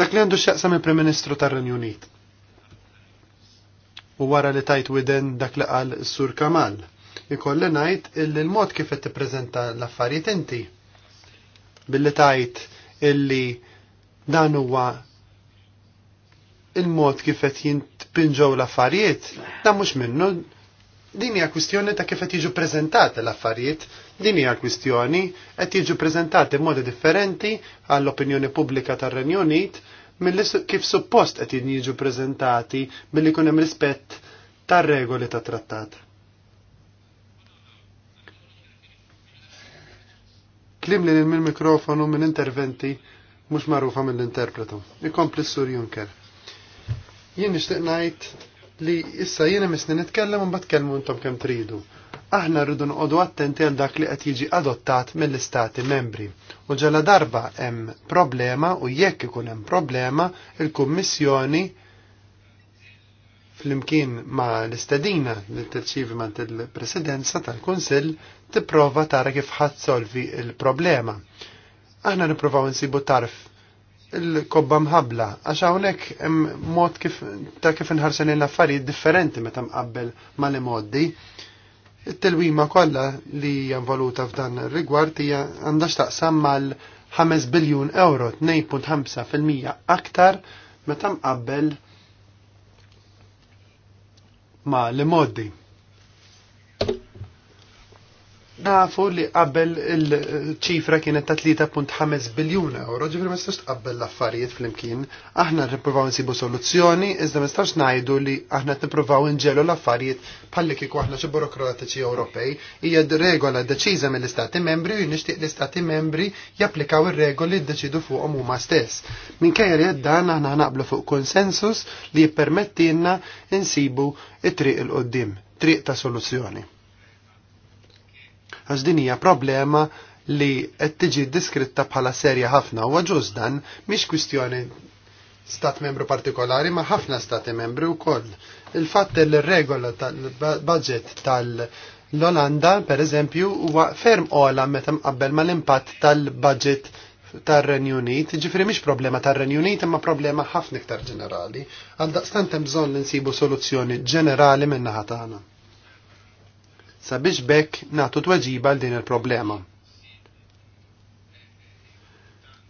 Dak li għandu x'jaqsam il-Prim Ministru tar-Renju Unit. U wara li tajt widen dak li qal Sur Kamal. Ikolli ngħid illi l-mod kif qed tippreżenta l-affarijiet inti billi tajt illi Dan huwa il-mod kif qed jintpinġew l-affarijiet, dan mhux minnu din hija kwistjoni ta' kif qed jiġu preżentati l-affarijiet, din hija kwistjoni qed jiġu preżentati b'modi differenti għall-opinjoni pubblika tar-Renju Unit milli kif suppost qed jiġu preżentati billi jkun hemm rispett tar-regoli ta' trattat. Klim li mill mikrofonu minn interventi mhux magħrufa mill-interpretu. Ikompli s Sur Juncker. Jien nixtieq ngħid li issa jiena misni nitkellem u mbagħad tkellmu intom kemm tridu. Aħna rridu noqogħdu attenti għal dak li qed jiġi adottat mill-istati membri. U ġala darba hemm problema u jekk ikun hemm problema, il-Kummissjoni flimkien ma l-istedina li tirċivi ma il-presidenza tal-Kunsill tipprova tara kif ħadd solvi il-problema aħna nippruvaw insibu tarf il-kobba mħabla, għax hawnhekk hemm mod kif ta' kif inħarsen l-affarijiet differenti meta mqabbel mal-imoddi. It-tilwima kollha li hija valuta f'dan ir-rigward hija għandha x'taqsam mal-5 biljun euro, 2.5% aktar meta mqabbel ma' l-imoddi nafu li qabel il-ċifra kienet ta' 3.5 biljun euro, ġifri ma nistax tqabbel l-affarijiet fl-imkien. Aħna nippruvaw nsibu soluzzjoni, iżda ma nistax ngħidu li aħna nippruvaw nġelu l-affarijiet bħalli kieku aħna xi burokratiċi Ewropej. Hija regola deċiża mill-Istati Membri u nixtieq l-Istati Membri japplikaw ir-regoli ddeċidu fuqhom huma stess. Minkejja li dan aħna naqblu fuq konsensus li jippermettilna insibu it-triq il-qoddim, triq ta' soluzzjoni għax din hija problema li qed tiġi diskritta bħala serja ħafna u ġuż dan mhix kwistjoni stat membru partikolari ma ħafna stati membri wkoll. Il-fatt li r-regola tal-budget tal-Olanda pereżempju huwa ferm ola meta mqabbel mal-impatt tal-budget tar-Renju Unit, ġifri mhix problema tar-Renju Unit imma problema ħafna iktar ġenerali. Għal daqstant hemm bżonn li nsibu soluzzjoni ġenerali minn naħa tagħna sabiex bekk nagħtu tweġiba għal din il-problema.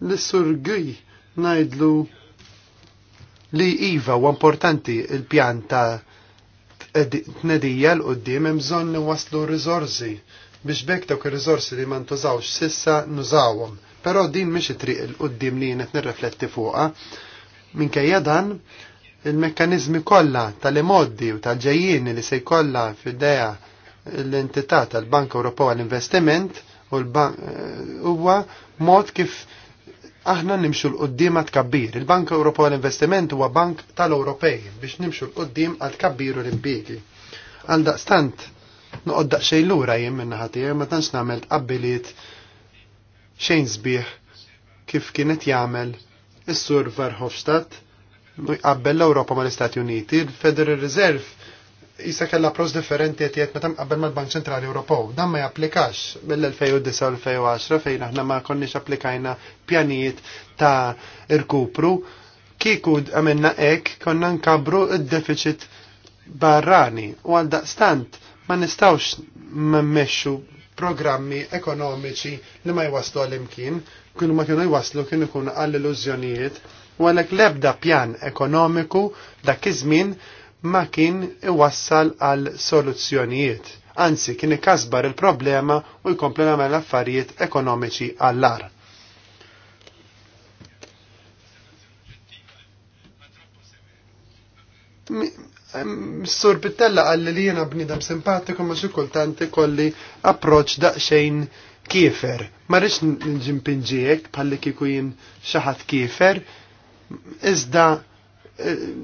L-sur najdlu li iva u importanti il-pjan ta' tnedija l-qoddim hemm bżonn waslu riżorsi biex bekk dawk ir rizorzi li ma tużawx sissa nużawhom. Però din mhix it-triq il-qoddim li jien qed nirrifletti fuqha. Minkejja dan, il-mekkaniżmi kollha tal-imoddi u tal-ġejjin li se jkollha fid-dea l-entità tal-Bank Ewropew għall-Investiment u l-Bank eh, huwa mod kif aħna nimxu l-qoddima kabbir Il-Bank Ewropew għall-Investiment huwa bank tal-Ewropej biex nimxu l-qoddim għal kabbir u l-impjiegi. Għaldaqstant daqstant, noqgħod daqsxejn lura jien minn ħatijaj ma tantx nagħmel tqabbiliet xejn sbieħ kif kienet jagħmel is-Sur Verhofstadt qabbel l-Ewropa mal istati Uniti, il-Federal Reserve jisa kella pros differenti għetiet metam qabel mal-Bank Ċentrali Ewropew. Dan ma japplikax mill-2009-2010 fejn aħna ma konniex applikajna pjanijiet ta' irkupru. Kiku għamilna ek konna nkabru id-deficit barrani u għaldaqstant ma nistawx mmexxu programmi ekonomiċi li ma jwaslu għal-imkien, kienu ma kienu jwaslu kienu kun għall-illużjonijiet u għalek lebda pjan ekonomiku dak iż-żmien ma kien iwassal għal soluzzjonijiet. Anzi, kien ikasbar il-problema u jkompli l affarijiet ekonomiċi għall-ar. Sur Pittella għall li jena bnidam simpatiku ma xikultanti kolli approċ daqxejn kiefer. Ma rix nġimpinġijek bħalli kiku jien xaħat kiefer, iżda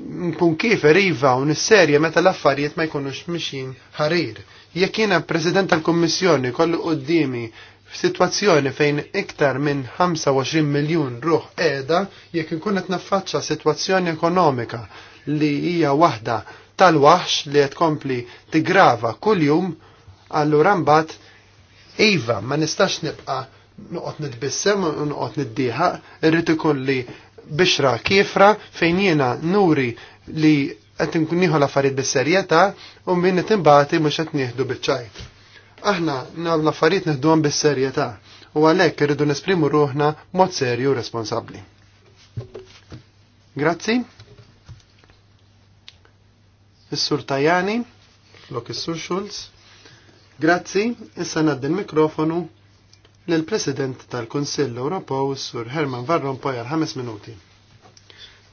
nkun kif riva u nisserja meta l-affarijiet ma jkunux mixin ħarir. Jekk jiena President tal-Kummissjoni kollu qudiemi f'sitwazzjoni fejn iktar minn 25 miljun ruħ qiegħda jekk inkun qed naffaċċa sitwazzjoni ekonomika li hija waħda tal-waħx li qed kompli tigrava kuljum, allura mbagħad iva ma nistax nibqa' noqgħod nitbissem u noqgħod niddieħaq, irrid ikun li bixra kiefra fejn jiena nuri li qed nkunniħu nieħu l-affarijiet bis-serjetà u min qed imbagħti mhux qed nieħdu biċ-ċajt. Aħna nagħmlu l-affarijiet neħduhom bis-serjetà u għalhekk irridu nesprimu ruħna mod serju u responsabbli. Grazzi. Is-Sur Tajani, lok is-Sur Schulz. Grazzi, issa naddi l-mikrofonu l-President tal-Konsill Ewropew Sur Herman Van Rompuy għal ħames minuti.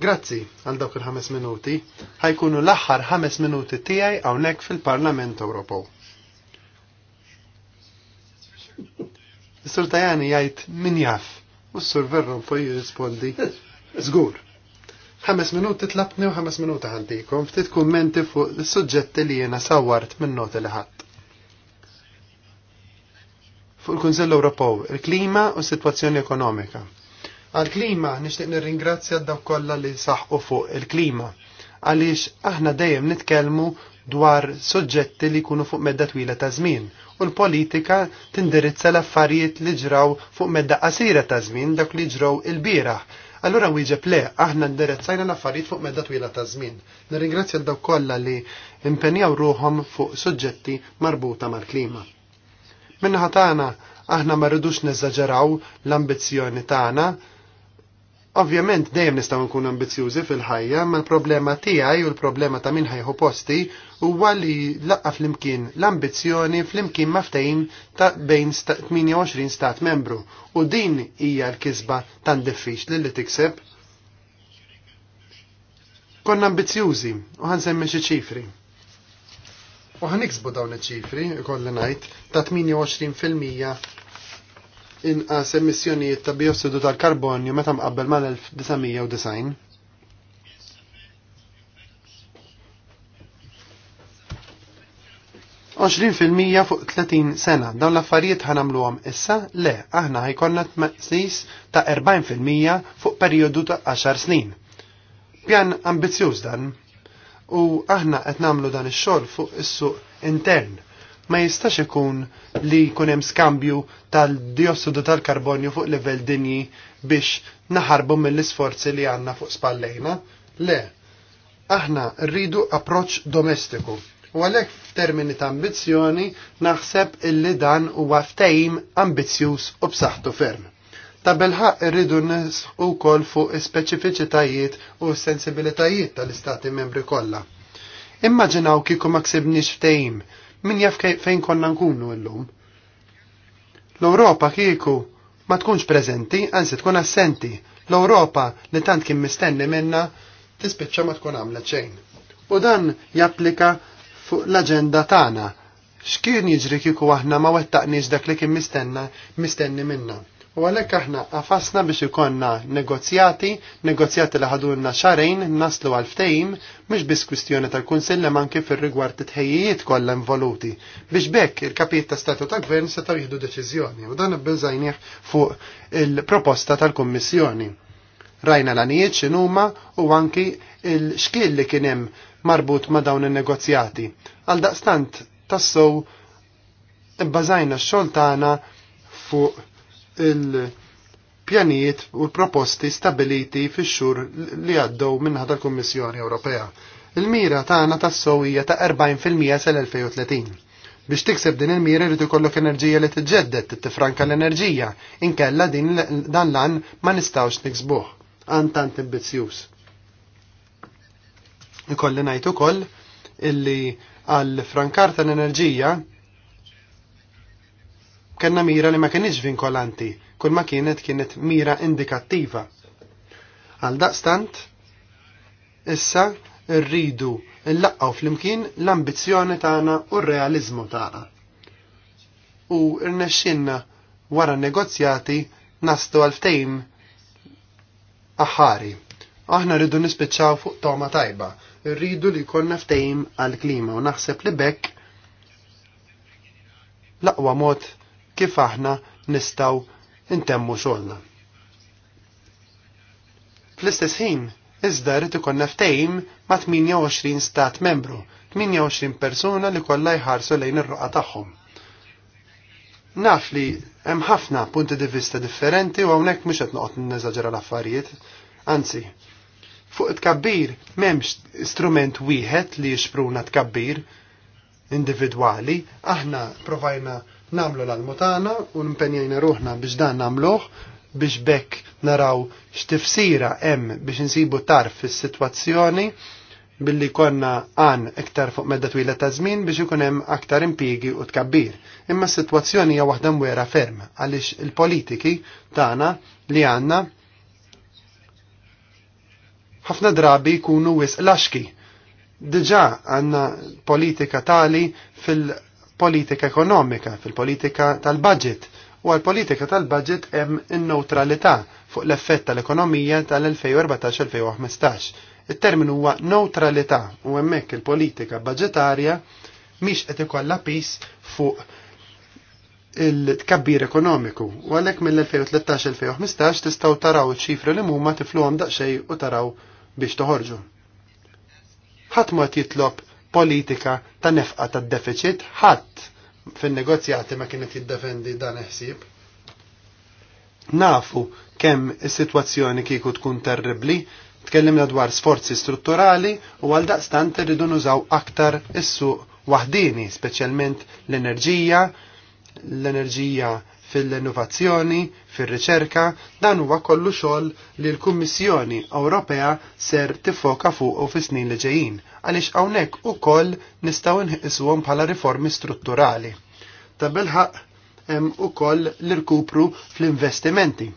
Grazzi għal dawk il-ħames minuti, ħajkunu l-aħħar ħames minuti tiegħi hawnhekk fil-Parlament Ewropew. Is-Sur Tajani jgħid min jaf u s-Sur Verron fuq jirrispondi żgur. Ħames minuti tlabni u ħames minuti ħantikom ftit kummenti fuq is-suġġetti li jiena sawart minn noti li ħadd fuq il-Kunżell Ewropew, il-klima u s-sitwazzjoni ekonomika. Għal-klima nixtieq nirringrazzja dawk kollha li saħqu fuq il-klima għaliex aħna dejjem nitkellmu dwar soġġetti li jkunu fuq medda twila ta' żmien u l-politika tindirizza l-affarijiet li ġraw fuq medda qasira ta' żmien dak li ġraw il-bieraħ. Allura wieġeb le, aħna ndirizzajna l-affarijiet fuq medda twila ta' żmien. Nirringrazzja l-dawk kollha li impenjaw ruhom fuq suġġetti marbuta mal-klima. Minnaħa tagħna aħna ma rridux neżaġeraw l-ambizzjoni tagħna. Ovvjament dejjem nistgħu nkunu ambizzjużi fil-ħajja, ma l-problema tiegħi u l-problema ta' min ħajħu posti huwa li laqqa flimkien l-ambizzjoni flimkien maftejn ta' bejn 28 stat membru u din hija l-kisba tan diffiċli li tikseb. Konna ambizzjużi u ħansemmi xi ċifri U ħaniksbu dawn iċ-ċifri, kolli ngħid, ta' 28% inqas emissjonijiet ta' biossidu tal-karbonju meta mqabbel mal-1990. fil-mija fuq 30 sena, dawn l-affarijiet għom issa, le, aħna ħajkonna tmaqsis ta' 40% fuq perjodu ta' 10 snin. Pjan ambizzjuż dan, u aħna qed nagħmlu dan ix-xogħol fuq is-suq intern. Ma jistax ikun li jkun hemm skambju tal-diossidu tal-karbonju fuq livell dinji biex naħarbu mill-isforzi li għandna fuq spallejna. Le, aħna rridu approċ domestiku. U għalhekk f'termini ta' ambizzjoni naħseb illi dan huwa ftehim ambizzjuż u b'saħħtu ferm. Ta' belħaq irridu u kol fuq is-speċifiċitajiet u sensibilitajiet tal-istati membri kollha. Immaġinaw kieku ma ksibniex ftehim, min jaf fejn konna nkunu llum. L-Ewropa kieku ma tkunx preżenti, anzi tkun assenti. L-Ewropa li tant kien mistenni minna tispiċċa ma tkun għamla xejn. U dan japplika fuq l-aġenda tagħna x'kien jiġri kieku aħna ma wettaqniex dak li kien mistenna mistenni minna. U għalek aħna għafasna biex ikonna negozjati, negozjati li ħadulna xarejn naslu għal-ftejim, mux biex kwistjoni tal-Kunsill manki fil-rigward t-tħejjiet kollha involuti. Biex bekk il-kapit ta' statu ta' gvern setaw jihdu deċiżjoni u dan ibbiżajnieh fuq il-proposta tal-Kummissjoni. Rajna l-għanijiet x'inhuma u anki il-xkil li kien hemm marbut ma' dawn in-negozjati. Għal daqstant tassow bbażajna x-xogħol tagħna fuq il-pjanijiet u l-proposti stabiliti fix-xhur li għaddew minn l-Kummissjoni Ewropea. Il-mira tagħna tas-sowija ta' 40% sal-2030. Biex tikseb din il-mira rridu ikollok enerġija li tiġġedded tifranka l-enerġija, inkella din dan lan ma nistgħux niksbuh. Antant ambizzjuż. Ikolli ngħid ukoll illi għal frankar tal-enerġija Kenna mira li ma kienx vinkolanti, kull ma kienet kienet mira indikattiva. Għal daqstant, issa rridu nlaqqaw fl-imkien l-ambizzjoni tagħna u r-realizmu tagħna. U rnexxinna wara negozjati nastu għal ftejm aħari. Aħna rridu nispiċċaw fuq toma tajba. Rridu li konna ftejm għal klima u naħseb li bekk l-aqwa mod kif aħna nistaw intemmu xogħolna. Fl-istess ħin, iżda rrid ikonna ftehim ma' 28 stat membru, 28 persuna li kollha jħarsu lejn ir-roqa tagħhom. Naf li hemm ħafna punti di vista differenti u hawnhekk mhux qed noqgħod neżaġera l-affarijiet, anzi. Fuq it-kabbir m'hemmx strument wieħed li jixpruna tkabbir individwali, aħna provajna namlu l-almutana u n-penjajna ruħna biex dan namluħ biex bekk naraw x'tifsira hemm biex insibu tarf fis-sitwazzjoni billi konna għan iktar fuq medda twila ta' żmien biex ikun hemm aktar impjiegi u tkabbir. Imma s-sitwazzjoni hija waħda mwera ferm għaliex il-politiki tagħna li għandna ħafna drabi jkunu wisq laxki. Diġà għandna politika tali fil- politika ekonomika, fil-politika tal-budget. U għal-politika tal-budget hemm in-neutralità fuq l-effett tal-ekonomija tal-2014-2015. Il-termin huwa neutralità u hemmhekk il-politika budgetarja mhix qed ikollha pis fuq il-tkabbir ekonomiku. U għalhekk mill-2013-2015 tistgħu taraw iċ-ċifri li muma tifluhom daqsxejn u taraw biex toħorġu. Ħadd ma jitlob politika ta' nefqa ta' deficit ħadd fin-negozjati ma kienet jiddefendi dan ħsieb. Nafu kemm is-sitwazzjoni kieku tkun terribli, tkellimna dwar sforzi strutturali u għal daqstant irridu nużaw aktar is-suq waħdini, speċjalment l-enerġija, l-enerġija fil-innovazzjoni, fil-riċerka, dan huwa kollu xogħol li l-Kummissjoni Ewropea ser tifoka fuq u fis-snin li ġejjin, għaliex hawnhekk ukoll nistgħu nħissuhom bħala riformi strutturali. Ta' bilħaq hemm ukoll li rkupru fl-investimenti.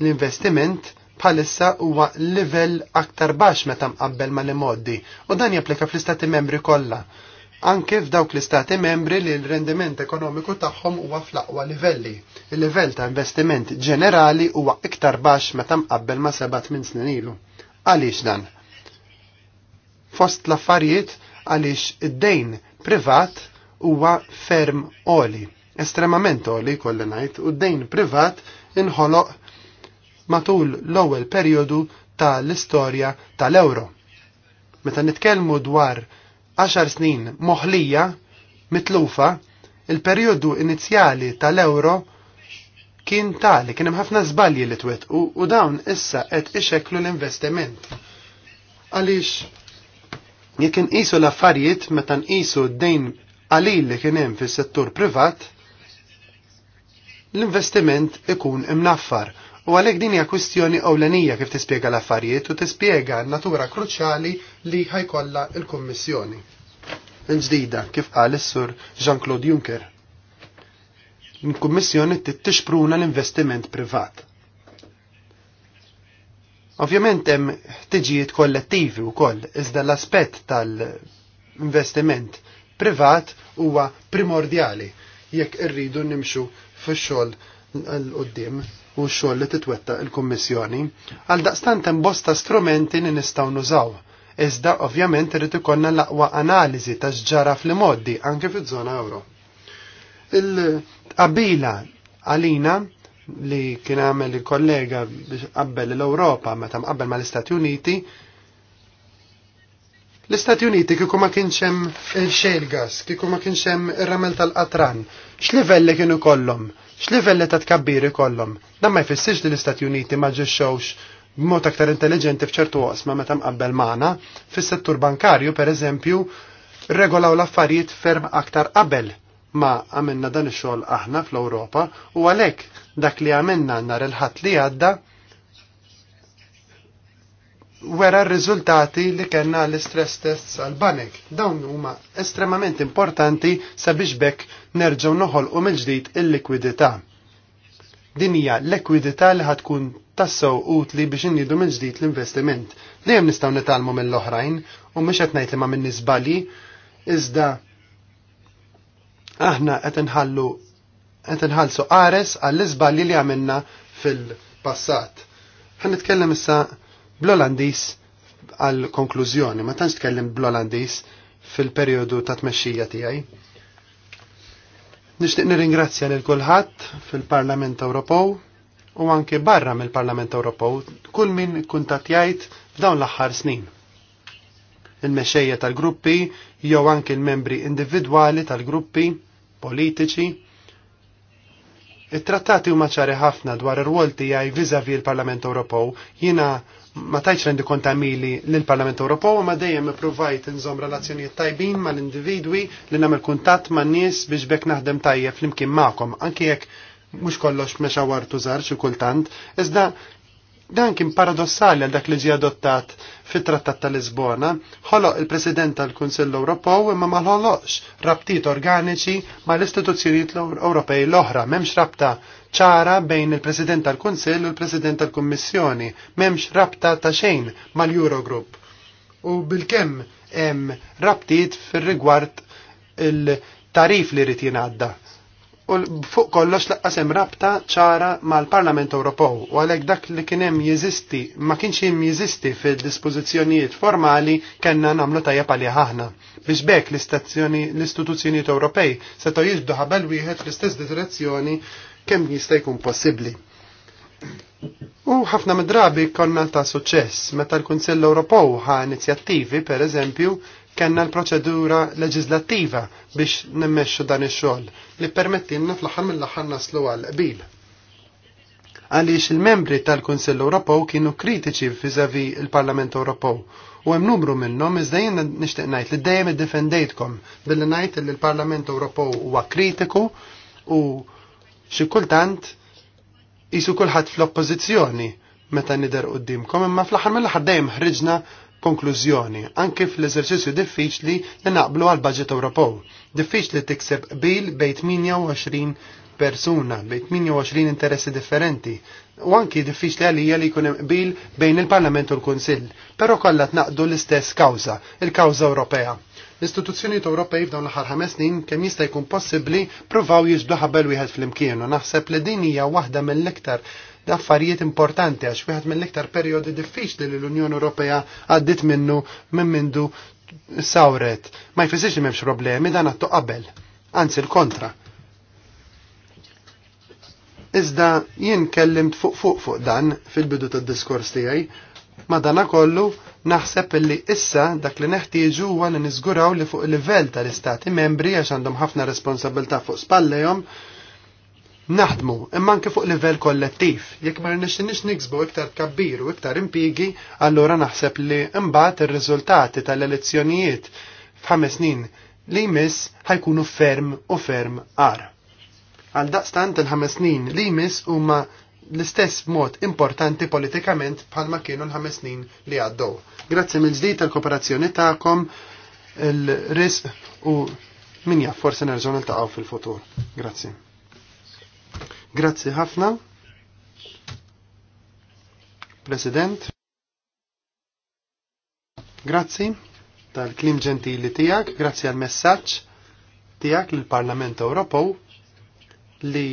L-investiment bħalissa huwa livell aktar baxx meta mqabbel mal-imoddi u dan japplika fl-istati membri kollha anke f'dawk l-istati membri li l-rendiment ekonomiku tagħhom huwa fl-aqwa livelli. Il-livell ta' investiment ġenerali huwa iktar baxx meta mqabbel ma' seba' tmien snin ilu. Għaliex dan? Fost l-affarijiet għaliex id-dejn privat huwa ferm oli, estremament oli kolli ngħid, u d-dejn privat inħoloq matul l-ewwel perjodu tal-istorja tal ewro Meta nitkellmu dwar 10 snin moħlija mitlufa il-perjodu inizjali tal-euro kien tali, kien hemm ħafna żbalji li twettqu u dawn issa qed ixeklu l-investiment. Għaliex jekk inqisu l-affarijiet meta nqisu d-dejn qalil li kien hemm fis-settur privat, l-investiment ikun imnaffar U għalhekk din hija kwistjoni ewlenija kif tispjega l-affarijiet u tispjega natura kruċjali li ħajkolla il-Kummissjoni. Il-ġdida kif qal is-sur Jean-Claude Juncker. Il-Kummissjoni tixpruna l-investiment privat. Ovvjament hemm ħtiġijiet kollettivi wkoll, iżda l-aspett tal-investiment privat huwa primordjali jekk irridu nimxu fix-xogħol l-qudiem u xoll xogħol li titwetta il-Kummissjoni, għal daqstant hemm bosta strumenti li nistgħu nużaw. Iżda ovvjament irid ikollna l-aqwa analiżi ta' x'ġara fl-imoddi anke fiż-żona euro. Il-qabila għalina li kien għamel il-kollega biex qabbel l-Ewropa meta mqabbel mal-Istati Uniti L-Istati Uniti kieku ma kienx hemm il-shale gas, kieku ma kienx hemm ir-ramel tal-qatran, x'livelli kienu kollhom, x'livelli ta' tkabbir ikollhom. Dan ma jfissirx li l-Istati Uniti ma ġexxewx b'mod aktar intelligenti f'ċertu qosma meta mqabbel magħna, fis-settur bankarju pereżempju regolaw l-affarijiet ferm aktar qabel ma għamilna dan ix-xogħol aħna fl-Ewropa u għalhekk dak li għamilna nhar il-ħadd li għadda wera r-riżultati li kellna l-istress tests għal banek. Dawn huma estremament importanti sabiex bekk nerġgħu noħolqu mill-ġdid il-likwidità. Din hija l-likwidità li ħatkun tassew utli biex innidu mill-ġdid l-investiment. Dejjem nistgħu nitalmu mill-oħrajn u mhux qed ngħid li ma minni żbalji, iżda aħna qed inħallu qed inħallsu qares għall-iżbalji li għamilna fil-passat. Ħan nitkellem issa bl-Olandis għal konklużjoni, ma tantx tkellem bl-Olandis fil-perjodu ta' tmexxija tiegħi. Nixtieq nirringrazzja lil kulħadd fil-Parlament Ewropew u anke barra mill-Parlament Ewropew kull min kuntattjajt f'dawn l-aħħar snin. Il-mexxejja tal-gruppi jew anke l-membri individwali tal-gruppi politiċi it-trattati huma ċari ħafna dwar ir-rwol tiegħi viżavi l-Parlament Ewropew jiena ma tajċ rendi konta mili l-Parlament Ewropew ma dejjem provajt nżom relazzjonijiet tajbin ma l-individwi li nagħmel kuntatt ma' nies biex bekk naħdem tajjeb flimkien magħkom anke jekk mhux kollox mexa wartu żgħar xi kultant, iżda Dan kien paradossali għal dak li ġie adottat fit-Trattat ta' Lisbona, ħoloq il-President tal-Kunsill Ewropew imma ma ħoloqx rabtiet organiċi mal-istituzzjonijiet Ewropej l-oħra, m'hemmx rabta ċara bejn il-President tal-Kunsill u l-President tal-Kummissjoni, m'hemmx rabta ta' xejn mal-Eurogroup. U bilkemm hemm rabtiet fir-rigward il-tarif li rrid jingħadda u fuq kollox laqqasem rabta ċara mal-Parlament Ewropew u għalhekk dak li kien hemm jeżisti ma kienx hemm jeżisti fid-dispożizzjonijiet formali kellna nagħmlu tajjeb għalih aħna biex bekk l-istituzzjonijiet Ewropej setgħu jiġbdu ħabel wieħed fl-istess direzzjoni kemm jista' jkun possibbli. U ħafna mid konna ta' suċċess meta l-Kunsill Ewropew ħa inizjattivi pereżempju kellna l-proċedura leġislattiva biex nimmexxu dan ix-xogħol li permettilna fl-aħħar mill-aħħar naslu għal qbil. Għaliex il-membri tal-Kunsill Ewropew kienu kritiċi fiżavi il-Parlament Ewropew u hemm numru minnhom iżda jien nixtieq ngħid li dejjem iddefendejtkom billi ngħid li l-Parlament Ewropew huwa kritiku u xi kultant isu kulħadd fl-oppożizzjoni meta nidher quddiemkom, imma fl-aħħar mill-aħħar dejjem ħriġna konklużjoni, anke fl-eżerċizzju diffiċli li naqblu għal budget Ewropew. Diffiċli tikseb bil bejn 28 persuna, bejn 28 interessi differenti. U anki diffiċli għalija li jkun bil bejn il-Parlament u l-Kunsill, però kollha tnaqdu l-istess kawża, il-kawża Ewropea. L-istituzzjonijiet Ewropej f'dawn l-aħħar ħames snin kemm jista' jkun possibbli pruvaw jiġbdu ħabel wieħed fl-imkien u naħseb li din hija waħda mill-iktar Daffarijiet importanti għax wieħed mill-iktar perjodi diffiċli li l-Unjoni Ewropea għaddit minnu minn mindu sawret. Ma jfisix li m'hemmx problemi dan għattu qabel, anzi l-kontra. Iżda jien kellimt fuq fuq fuq dan fil-bidu tad-diskors tiegħi, ma dana kollu naħseb illi issa dak li neħtieġu huwa li niżguraw li fuq il livell tal-istati membri għax għandhom ħafna responsabilità fuq spallejhom Naħdmu, imma anke fuq livell kollettiv, jekk ma rnexxinix niksbu iktar kabbir u iktar impigi, allura naħseb li imbagħad ir-riżultati tal-elezzjonijiet f'ħames snin li jmiss ħajkunu ferm u ferm għar. Għal daqstant il-ħames snin li jmiss huma l-istess mod importanti politikament bħalma kienu l-ħames snin li għaddew. Grazzi mill-ġdid tal-kooperazzjoni tagħkom il-risq u min jaff forsi nerġgħu niltaqgħu fil-futur. Grazzi. Grazzi ħafna. President. Grazzi tal-klim ġentili tijak, grazzi għal messaċ tijak l-Parlament Ewropew li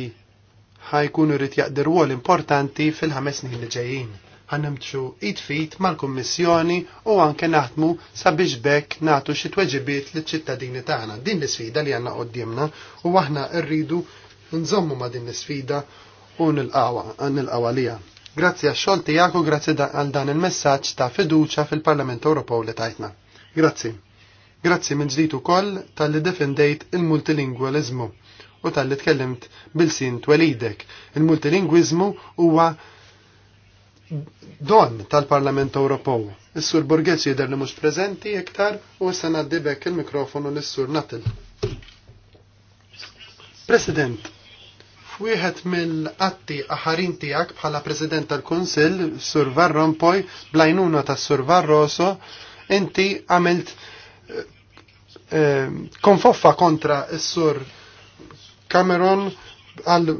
ħajkun rrit jaqdir għol importanti fil-ħames snin li ġejjin. Ħanimtxu id-fit mal-Kummissjoni u anke naħdmu sabiex bekk nagħtu xi tweġibiet liċ-ċittadini tagħna. Din l sfida li għandna qudiemna u aħna rridu nżommu ma' din l-sfida u nil-qawa lija. Grazzi għax xolti jaku, u grazzi għal dan il-messaġġ ta' fiduċa fil-Parlament Ewropew li tajtna. Grazzi. Grazzi minn ġdid ukoll tal-li defendejt il multilingualizmu u tal-li tkellimt bil-sin twelidek. il multilingualizmu huwa don tal-Parlament Ewropew. Is-Sur Borghezzi jidher li mhux preżenti iktar u issa sanaddibek il-mikrofonu lis-Sur Natil. President, F'wieħed mill-qatti aħarin tiegħek bħala President tal-Kunsill, Sur Van Rompuy, blajnuna ta' Sur Varroso inti għamilt eh, eh, konfoffa kontra s-Sur Cameron għal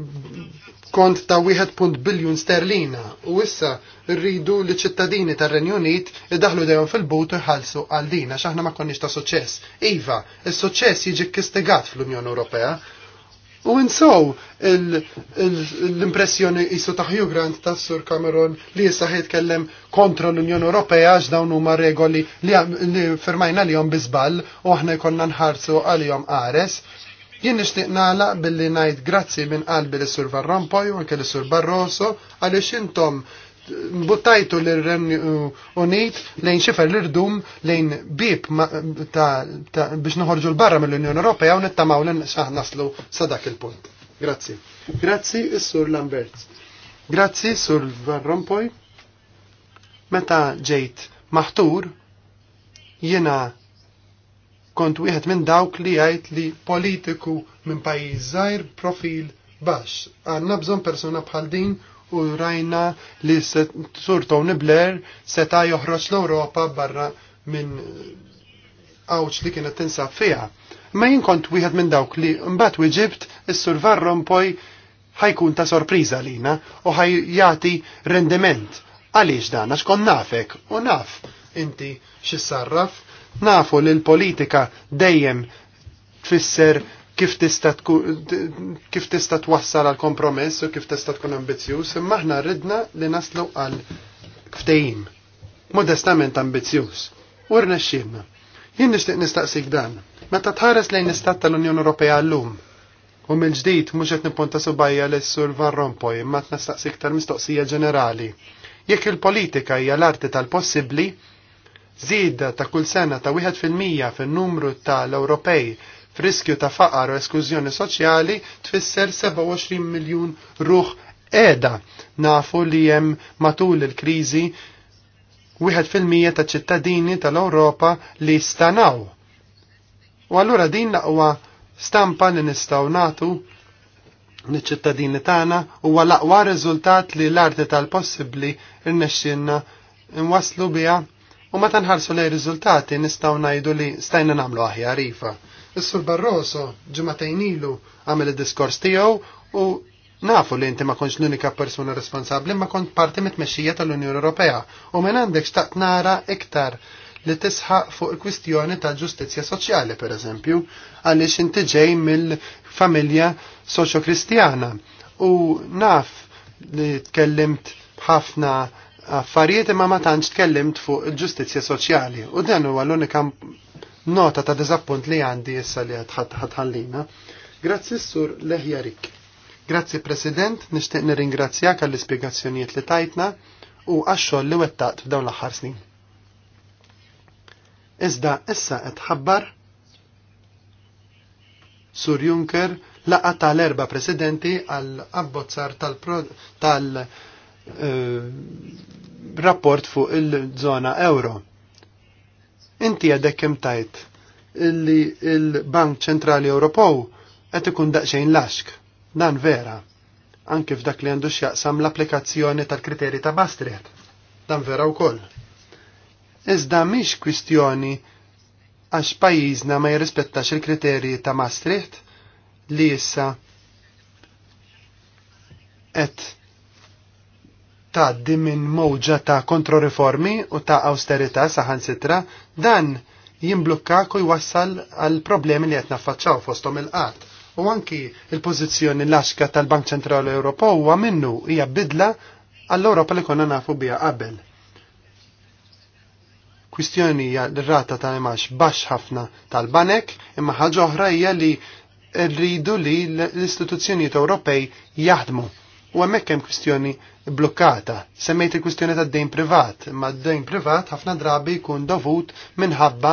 kont ta' 1. biljun sterlina u issa rridu li ċittadini tar renju Unit idaħlu dejjem fil-but u jħallsu għal din għax aħna ma konniex ta' suċċess. Iva, il suċċess jiġi kistigat fl-Unjoni Ewropea, U insaw l-impressjoni jisu taħju grant ta' Sur Cameron li jissa kellem kontra l-Unjoni Ewropea għax dawn huma regoli li firmajna li jom bizbal u aħna jkollna nħarsu għalihom għares. Jien nixtieq nagħlaq billi ngħid grazzi minn qalbi lis sur Van Rompuy u anke lis sur Barroso għaliex intom mbuttajtu l-Renju Unit lejn xifer l-irdum lejn bib biex noħorġu l-barra mill-Unjoni Ewropea u nittamaw l naslu sa dak il-punt. Grazzi. Grazzi, Sur Lambert. Grazzi, Sur Van Rompuy. Meta ġejt maħtur, jena kont wieħed minn dawk li jgħid li politiku minn pajjiż żgħir profil baxx. Għandna bżonn persuna bħal din u rajna li sur Tony Blair seta' joħroġ l-Ewropa barra minn għawċ eh, li kienet tinsab fiha. Ma jien kont wieħed minn dawk li mbagħad wieġibt is-Sur Varron Rompuy ħajkun ta' sorpriża lina u ħaj jagħti rendiment. Għaliex dan għax kon nafek u naf inti xissarraf, nafu li l-politika dejjem tfisser kif tista' kif tista' twassal għal kompromess u kif tista' tkun ambizzjuż, imma aħna rridna li naslu għal ftehim modestament ambizjuż. U rnexxielna. Jien nixtieq nistaqsik dan. Meta tħares lejn istat tal-Unjoni Ewropea llum, u mill-ġdid mhux qed nipponta subajja lis sur varrompoj, imma qed nistaqsik tal-mistoqsija ġenerali. Jekk il-politika hija l-arti tal-possibbli, żieda ta' kull sena ta' wieħed fil-mija fin-numru tal-Ewropej f'riskju ta' faqar u esklużjoni soċjali tfisser 27 miljun ruħ qiegħda nafu li hemm matul il-kriżi wieħed fil-mija ta' ċittadini tal-Ewropa li stanaw. U allura din laqwa stampa li nistgħu nagħtu niċ ċittadini tagħna huwa l-aqwa riżultat li l-arti tal-possibbli rnexxinna nwaslu biha u ma nħarsu lej riżultati nistgħu ngħidu li stajna nagħmlu aħjar iva. Is-Sur Barroso ġimatejn ilu għamel id-diskors tiegħu u nafu li inti ma kontx l-unika persuna responsabbli ma kont parti mit-mexxija tal-Unjoni Ewropea u minn għandek xtaqt nara iktar li tisħaq fuq il-kwistjoni ta' ġustizzja soċjali pereżempju għaliex inti ġej mill-familja soċjo-kristjana u naf li tkellimt ħafna affarijiet imma ma tantx tkellimt fuq il-ġustizzja soċjali u dan huwa l-unika Nota ta' dizappunt li għandi issa li għadħallina. Grazzi s-sur leħjarik. Grazzi President, nishtiqni nirringrazzjak għall-ispiegazzjonijiet li tajtna u għaxxol li wettaqt f'dawn l-aħħar snin. Iżda issa qed ħabbar Sur Juncker laqa tal-erba presidenti għal abbozzar tal-rapport tal, uh, fuq il-żona euro Inti għadek kem tajt illi il-Bank Ċentrali Ewropew qed ikun daqsxejn laxk. Dan vera. Anke f'dak li għandu x'jaqsam l-applikazzjoni tal-kriterji ta' Maastricht. Dan vera wkoll. Iżda mhix kwistjoni għax pajjiżna ma jirrispettax il-kriterji ta' Maastricht li issa qed tgħaddi minn mowġa ta' kontroriformi u ta' austerità saħansitra dan jimblukka u jwassal għal problemi li qed naffaċċaw fosthom il-qatt. U anki il-pożizzjoni l-axka tal-Bank Ċentrali Ewropew huwa minnu hija bidla għall-Ewropa li konna nafu biha qabel. Kwistjoni hija r-rata ta' imax baxx ħafna tal-banek, imma ħaġa oħra hija li rridu li l-istituzzjonijiet Ewropej jaħdmu U għemmek hemm kwistjoni blokkata. Semmejt il-kwistjoni ta' dejn privat, ma' dejn privat ħafna drabi jkun dovut minħabba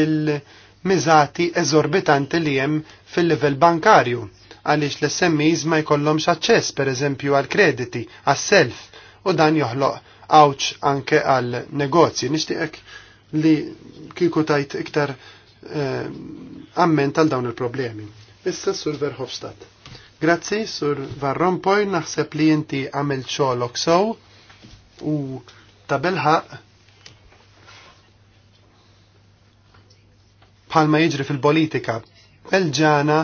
il-miżati eżorbitanti li hemm fil-livell bankarju għaliex l-SMEs ma jkollhomx aċċess pereżempju għal krediti, għas-self, u dan joħloq għawċ anke għal negozji. Nixtieqek li kieku tajt iktar eh, amment għal dawn il-problemi. Issa Sur Verhofstadt. Grazzi, sur poi naħseb li inti għamil xolok sow u tabelħa bħalma jiġri fil-politika. Belġana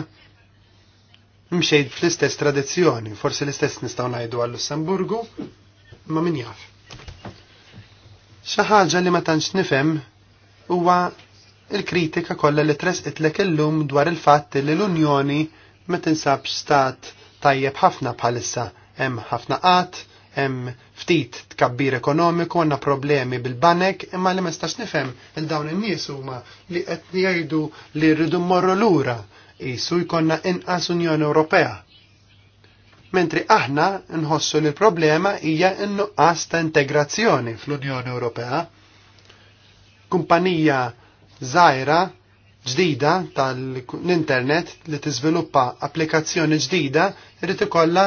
mxejt fl-istess tradizzjoni, forsi l-istess nistaw najdu għal-Lussemburgu, ma min jaf. ħaġa li ma tantx nifhem huwa il-kritika kollha li tresqitlek illum dwar il-fatt li l-Unjoni ma tinsabx stat tajjeb ħafna bħalissa hemm ħafna qatt, hemm ftit tkabbir ekonomiku, għandna problemi bil-banek, imma li ma nistax nifhem il dawn in-nies huma li qed jgħidu li rridu mmorru lura qisu jkollna inqas Unjoni Ewropea. Mentri aħna nħossu li l-problema hija n-nuqqas ta' integrazzjoni fl-Unjoni Ewropea. Kumpanija żgħira ġdida tal-internet li tiżviluppa applikazzjoni ġdida irid ikollha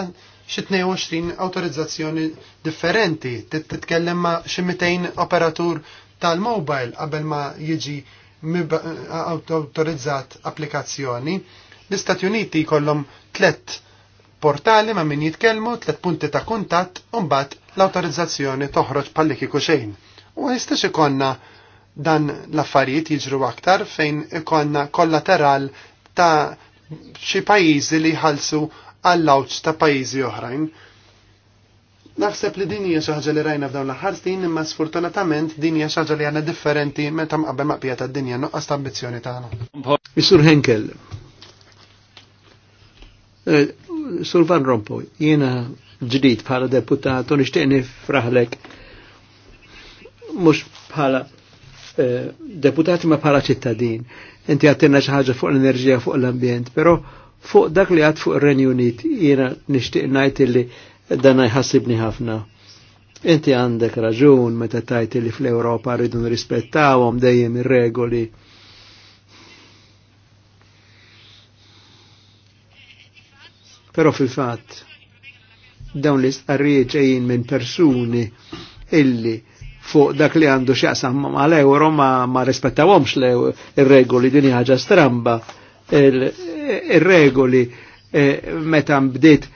xi 22 awtorizzazzjoni differenti, titkellem ma' xi 200 operatur tal-mobile qabel ma jiġi autorizzat applikazzjoni. L-Istati Uniti jkollhom tlet portali ma' min jitkellmu, tlet punti ta' kuntatt u mbagħad l-awtorizzazzjoni toħroġ pallik kieku xejn. U jistax ikonna dan l-affarijiet jiġru aktar fejn ikonna kollateral ta' xi pajjiżi li jħallsu għall-awċ ta' pajjiżi oħrajn. Naħseb li din hija xi ħaġa li rajna f'dawn l-aħħar snin, imma sfortunatament din hija xi ħaġa li għandha differenti meta mqabbel maqbija tad-dinja noqqas ta' ambizzjoni tagħna. Isur Henkel. Eh, Sur Van Rompuy, jiena ġdid bħala deputat u nixtieq nifraħlek mhux bħala Eh, deputati ma bħala ċittadin. Inti għattinna ħaġa fuq l-enerġija fuq l-ambjent, però fuq dak li għad fuq il-Renju Unit jiena nixtieq ngħid li dan jħassibni ħafna. Inti għandek raġun meta tajt li fl-Ewropa rridu nrispettawhom dejjem ir-regoli. Però fil-fatt dawn l-istqarrijiet ġejjin minn persuni illi fuq dak li għandu xaqsam l euro ma, ma rispettawomx l regoli din ħaġa stramba il-regoli eh, meta bdiet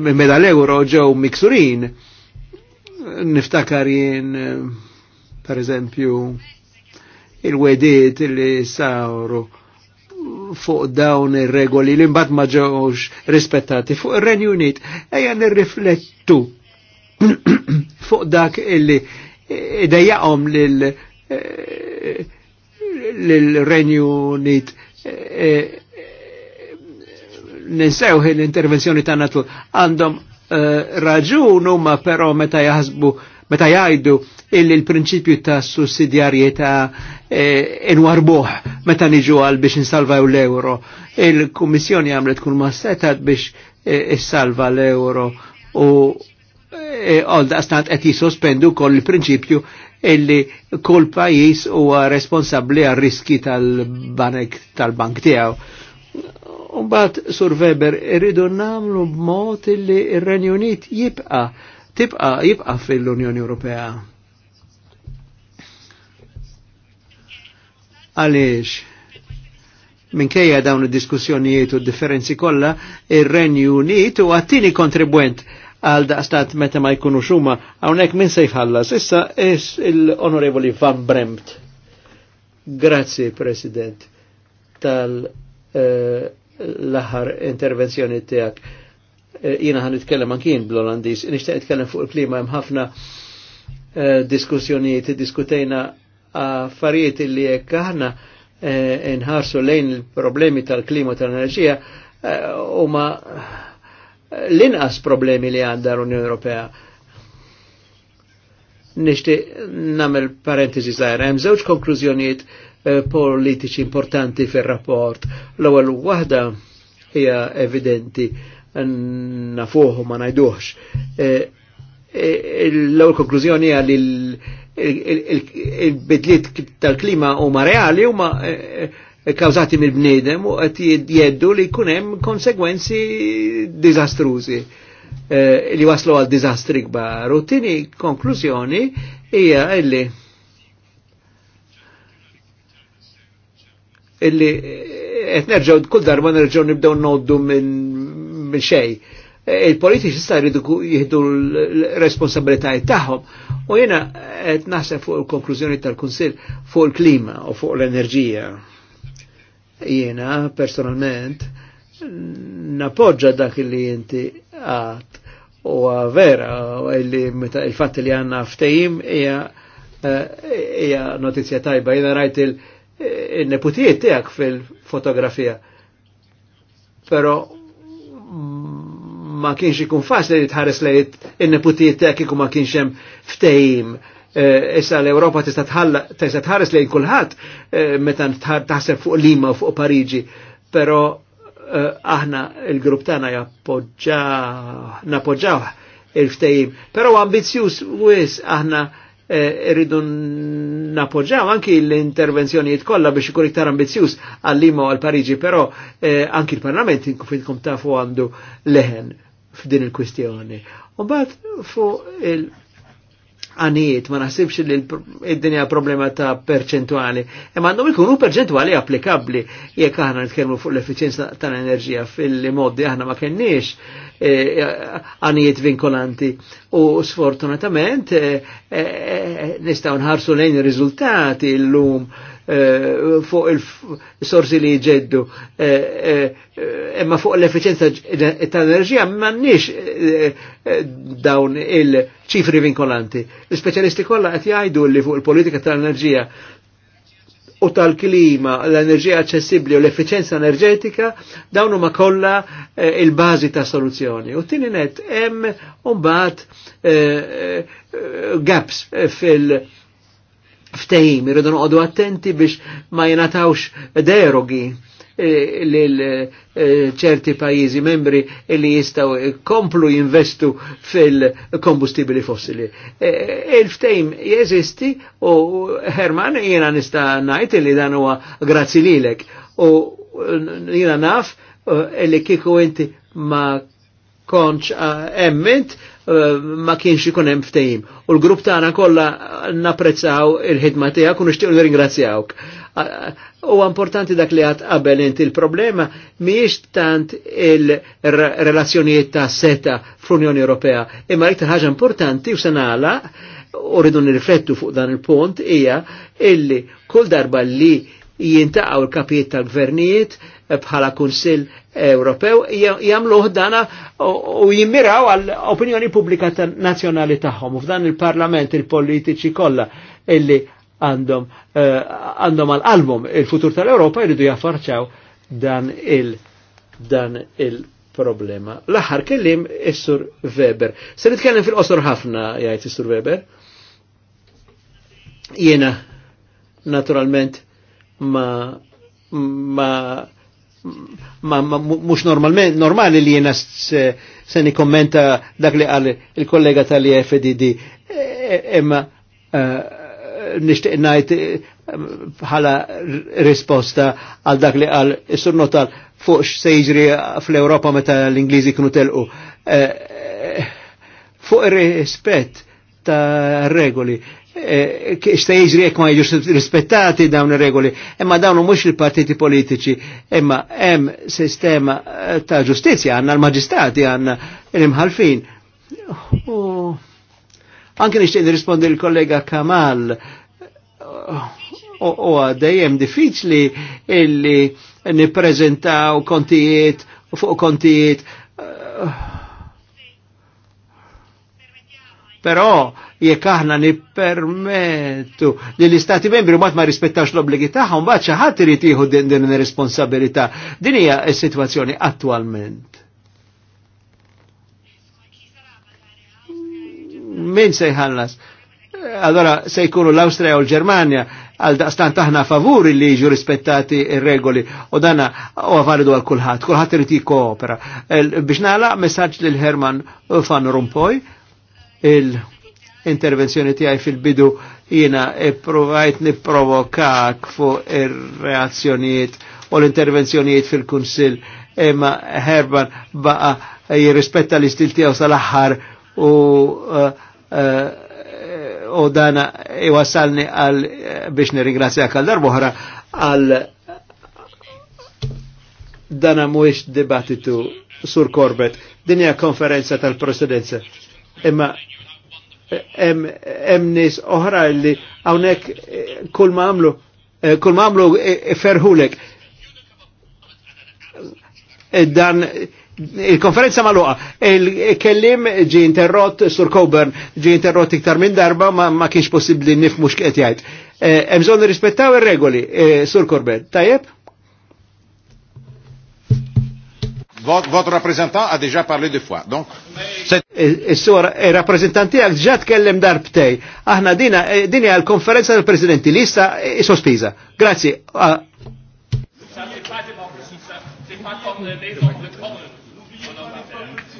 meta l-euro ġew miksurin niftakar jien eh, per eżempju il-wedit li sawru fuq dawn ir-regoli li mbagħad ma ġewx rispettati fuq ir-Renju Unit ejja nirriflettu fuq dak illi idejjaqom lil-Renju eh, Unit eh, eh, ninsewħi l-intervenzjoni ta' natu għandhom raġun huma però meta jaħsbu meta jgħidu illi l-prinċipju ta' sussidjarjetà inwarbuh meta niġu għal biex insalvaw l-euro. Il-Kummissjoni għamlet kull ma setat biex issalva l-euro u E, għal daqstant qed jisospendu kol l prinċipju illi kol pajis u responsabli għal riski tal-banek tal-bank tiegħu. Umbat, Sur Weber, irridu namlu mot illi il renju Unit jibqa' tibqa' jibqa' fil-Unjoni Ewropea. Għaliex? minkejja dawn id-diskussjonijiet u differenzi kollha ir-Renju Unit u għattini kontribwent għal daqstat meta ma jkunu xuma, għawnek minn se ħallas. Issa is il-onorevoli Van Bremt. Grazzi, President, tal laħar uh, eh, aħħar intervenzjoni tijak. Eh, jina għan itkellem ankin bl-Olandis, nishtaq itkellem fuq il-klima hemm ħafna eh, diskussjonijiet, diskutejna affarijiet li jekk aħna eh, nħarsu lejn il-problemi tal-klima tal-enerġija, eh, u ma l-inqas problemi li għandha l-Unjoni Ewropea. Nishti namel parentesi zaħra, hemm żewġ konklużjonijiet politiċi importanti fir-rapport. L-ewwel waħda hija evidenti nafuħu ma najduħx. L-ewwel konklużjoni hija li il-bidliet tal-klima huma reali huma kawzati mill-bnedem u qed jeddu li jkun hemm konsegwenzi diżastrużi eh, li waslu għal diżastri kbar. U tieni konklużjoni hija illi illi eh, qed nerġgħu kull darba nerġgħu nibdew noddu minn min xejn. Eh, il-politiċi sta jridu jihdu l-responsabilitajiet tagħhom u jiena qed naħseb fuq il-konklużjoni tal-Kunsill fuq il-klima u fuq l-enerġija. Jiena personalment napoġġa dak li inti għat u vera illi il fat li għanna ftejim eh, hija notizja tajba. Jiena rajt eh, il-neputijiet tiegħek fil-fotografija. Però mm, ma kienx ikun faċli li tħares lejt il neputijiet tiegħek ma kienx hemm ftejim Eh, issa l-Europa tista' tħares lejn kulħadd eh, meta taħseb fuq Lima u fuq Pariġi, però eh, aħna il-grupp tagħna jappoġġaw il-ftehim. Però ambizzjuż wis aħna irridu napoġġaw anki l-intervenzjonijiet kollha biex ikun iktar ambizzjuż għal Lima u għal Pariġi, però anki l-Parlament fitkom tafu għandu leħen f'din il-kwistjoni. U bat fuq il- għaniet, ma naħsibx li id-dinja problema ta' perċentuali. Imma għandhom ikunu perċentuali applikabli jekk aħna nitkellmu fuq l-effiċjenza tal-enerġija fil-modi aħna ma kenniex eh, għaniet vinkolanti u sfortunatament eh, eh, nistaw nħarsu lejn ir-riżultati l-lum Eh, fuq il-sorsi li jġeddu eh, eh, imma fuq l-efficienza ta' enerġija m'għandniex dawn il-ċifri vinkolanti. L-speċjalisti kollha qed jgħidu li fuq il-politika tal-enerġija u tal-klima, l-enerġija aċċessibbli u l-efficienza enerġetika, dawn huma kollha il-bażi ta' soluzzjoni. U tieni net hemm mbagħad gaps fil- ftehim, irridu noqogħdu attenti biex ma jenatawx derogi eh, eh, ċerti pajjiżi membri li jistaw komplu jinvestu fil-kombustibili fossili. Eh, Il-ftejm jeżisti u Herman jiena nista najt li dan huwa grazzi lilek u jiena naf li kiku inti ma konċ emment Eh, ma kienx ikun hemm ftehim. U l-grupp tagħna kollha napprezzaw il-ħidma tiegħek u nixtiequ nirringrazzjawk. U importanti dak li għad qabel inti il-problema miex tant il-relazzjonijiet ta' seta fl-Unjoni Ewropea, imma iktar ħaġa importanti u se nagħlaq u rridu nirriflettu fuq dan il-punt hija illi kull darba li jintaqaw il-kapijiet tal-gvernijiet eh, bħala Kunsill Ewropew jamlu ħdana u jimmiraw għal opinjoni pubblika nazzjonali tagħhom u f'dan il-Parlament il-politiċi kollha illi għandhom eh, għandhom għal album il-futur tal-Ewropa jridu jaffarċaw dan il- dan il problema. L-aħħar kellim is-Sur Weber. Se nitkellem fil-qosor ħafna jgħid is-Sur Weber. Jiena naturalment ma ma ma, mux normalment normali li jena se ni kommenta dak li għal il-kollega tal FDD imma e-, e, nishtiq najt e, bħala risposta għal dak li għal is-sur notal fuq se jiġri fl-Europa meta l inglizi kienu telqu. E, e fuq il rispett ta' regoli xta jiġri jekk ma jiġux rispettati dawn regoli emma dawn mhux il-partiti politiċi, emma eh, em eh, sistema eh, ta' ġustizja, għanna l-maġistrati għanna l-imħalfin. Oh. Anke nixtieq nirrispondi l-kollega Kamal u oh, oh, dejjem diffiċli illi nipprezentaw kontijiet u fuq kontijiet uh, Però jekk aħna nippermettu li l-istati membri mbagħad ma rispettax l-obbligi tagħhom mbagħad xi ħadd irid jieħu din din ir-responsabilità. Din hija s-sitwazzjoni attwalment. Min se jħallas? Allora se jkunu l-Awstrija u l-Ġermanja għal daqstan taħna favuri li jiġu rispettati regoli u dana u għavaridu għal kulħadd, kulħadd irid jikkoopera. Biex nagħlaq messaġġ lil Herman Fan Rumpoj, il-intervenzjoni tijaj fil-bidu jiena provajt niprovokak fu il-reazzjoniet u l intervenzjoniet fil kunsil imma Herban baqa jirrispetta l-istil tijaw sal u uh, uh, u dana iwasalni għal biex nirringrazzjak għal darbohra għal dana mwix dibattitu sur Corbett. Dinja konferenza tal-presidenza imma hemm nies oħra li hawnhekk eh, kull ma għamlu eh, kull ma għamlu eh, ferħulek. Dan il-konferenza maluqa, il-kellim ġi interrot sur Coburn, ġi interrot iktar minn darba ma, kienx possibli nifmu x'qed jgħid. Hemm bżonn rispettaw ir-regoli, sur Corbett, tajjeb? Votre, votre rappresentant a déjà parlé deux fois. Donc, Is-sur, il-rappresentanti għak ġat kellem darbtej. Aħna dina, eh, dini għal-konferenza tal-presidenti li issa eh, sospiża. Grazie. Ah.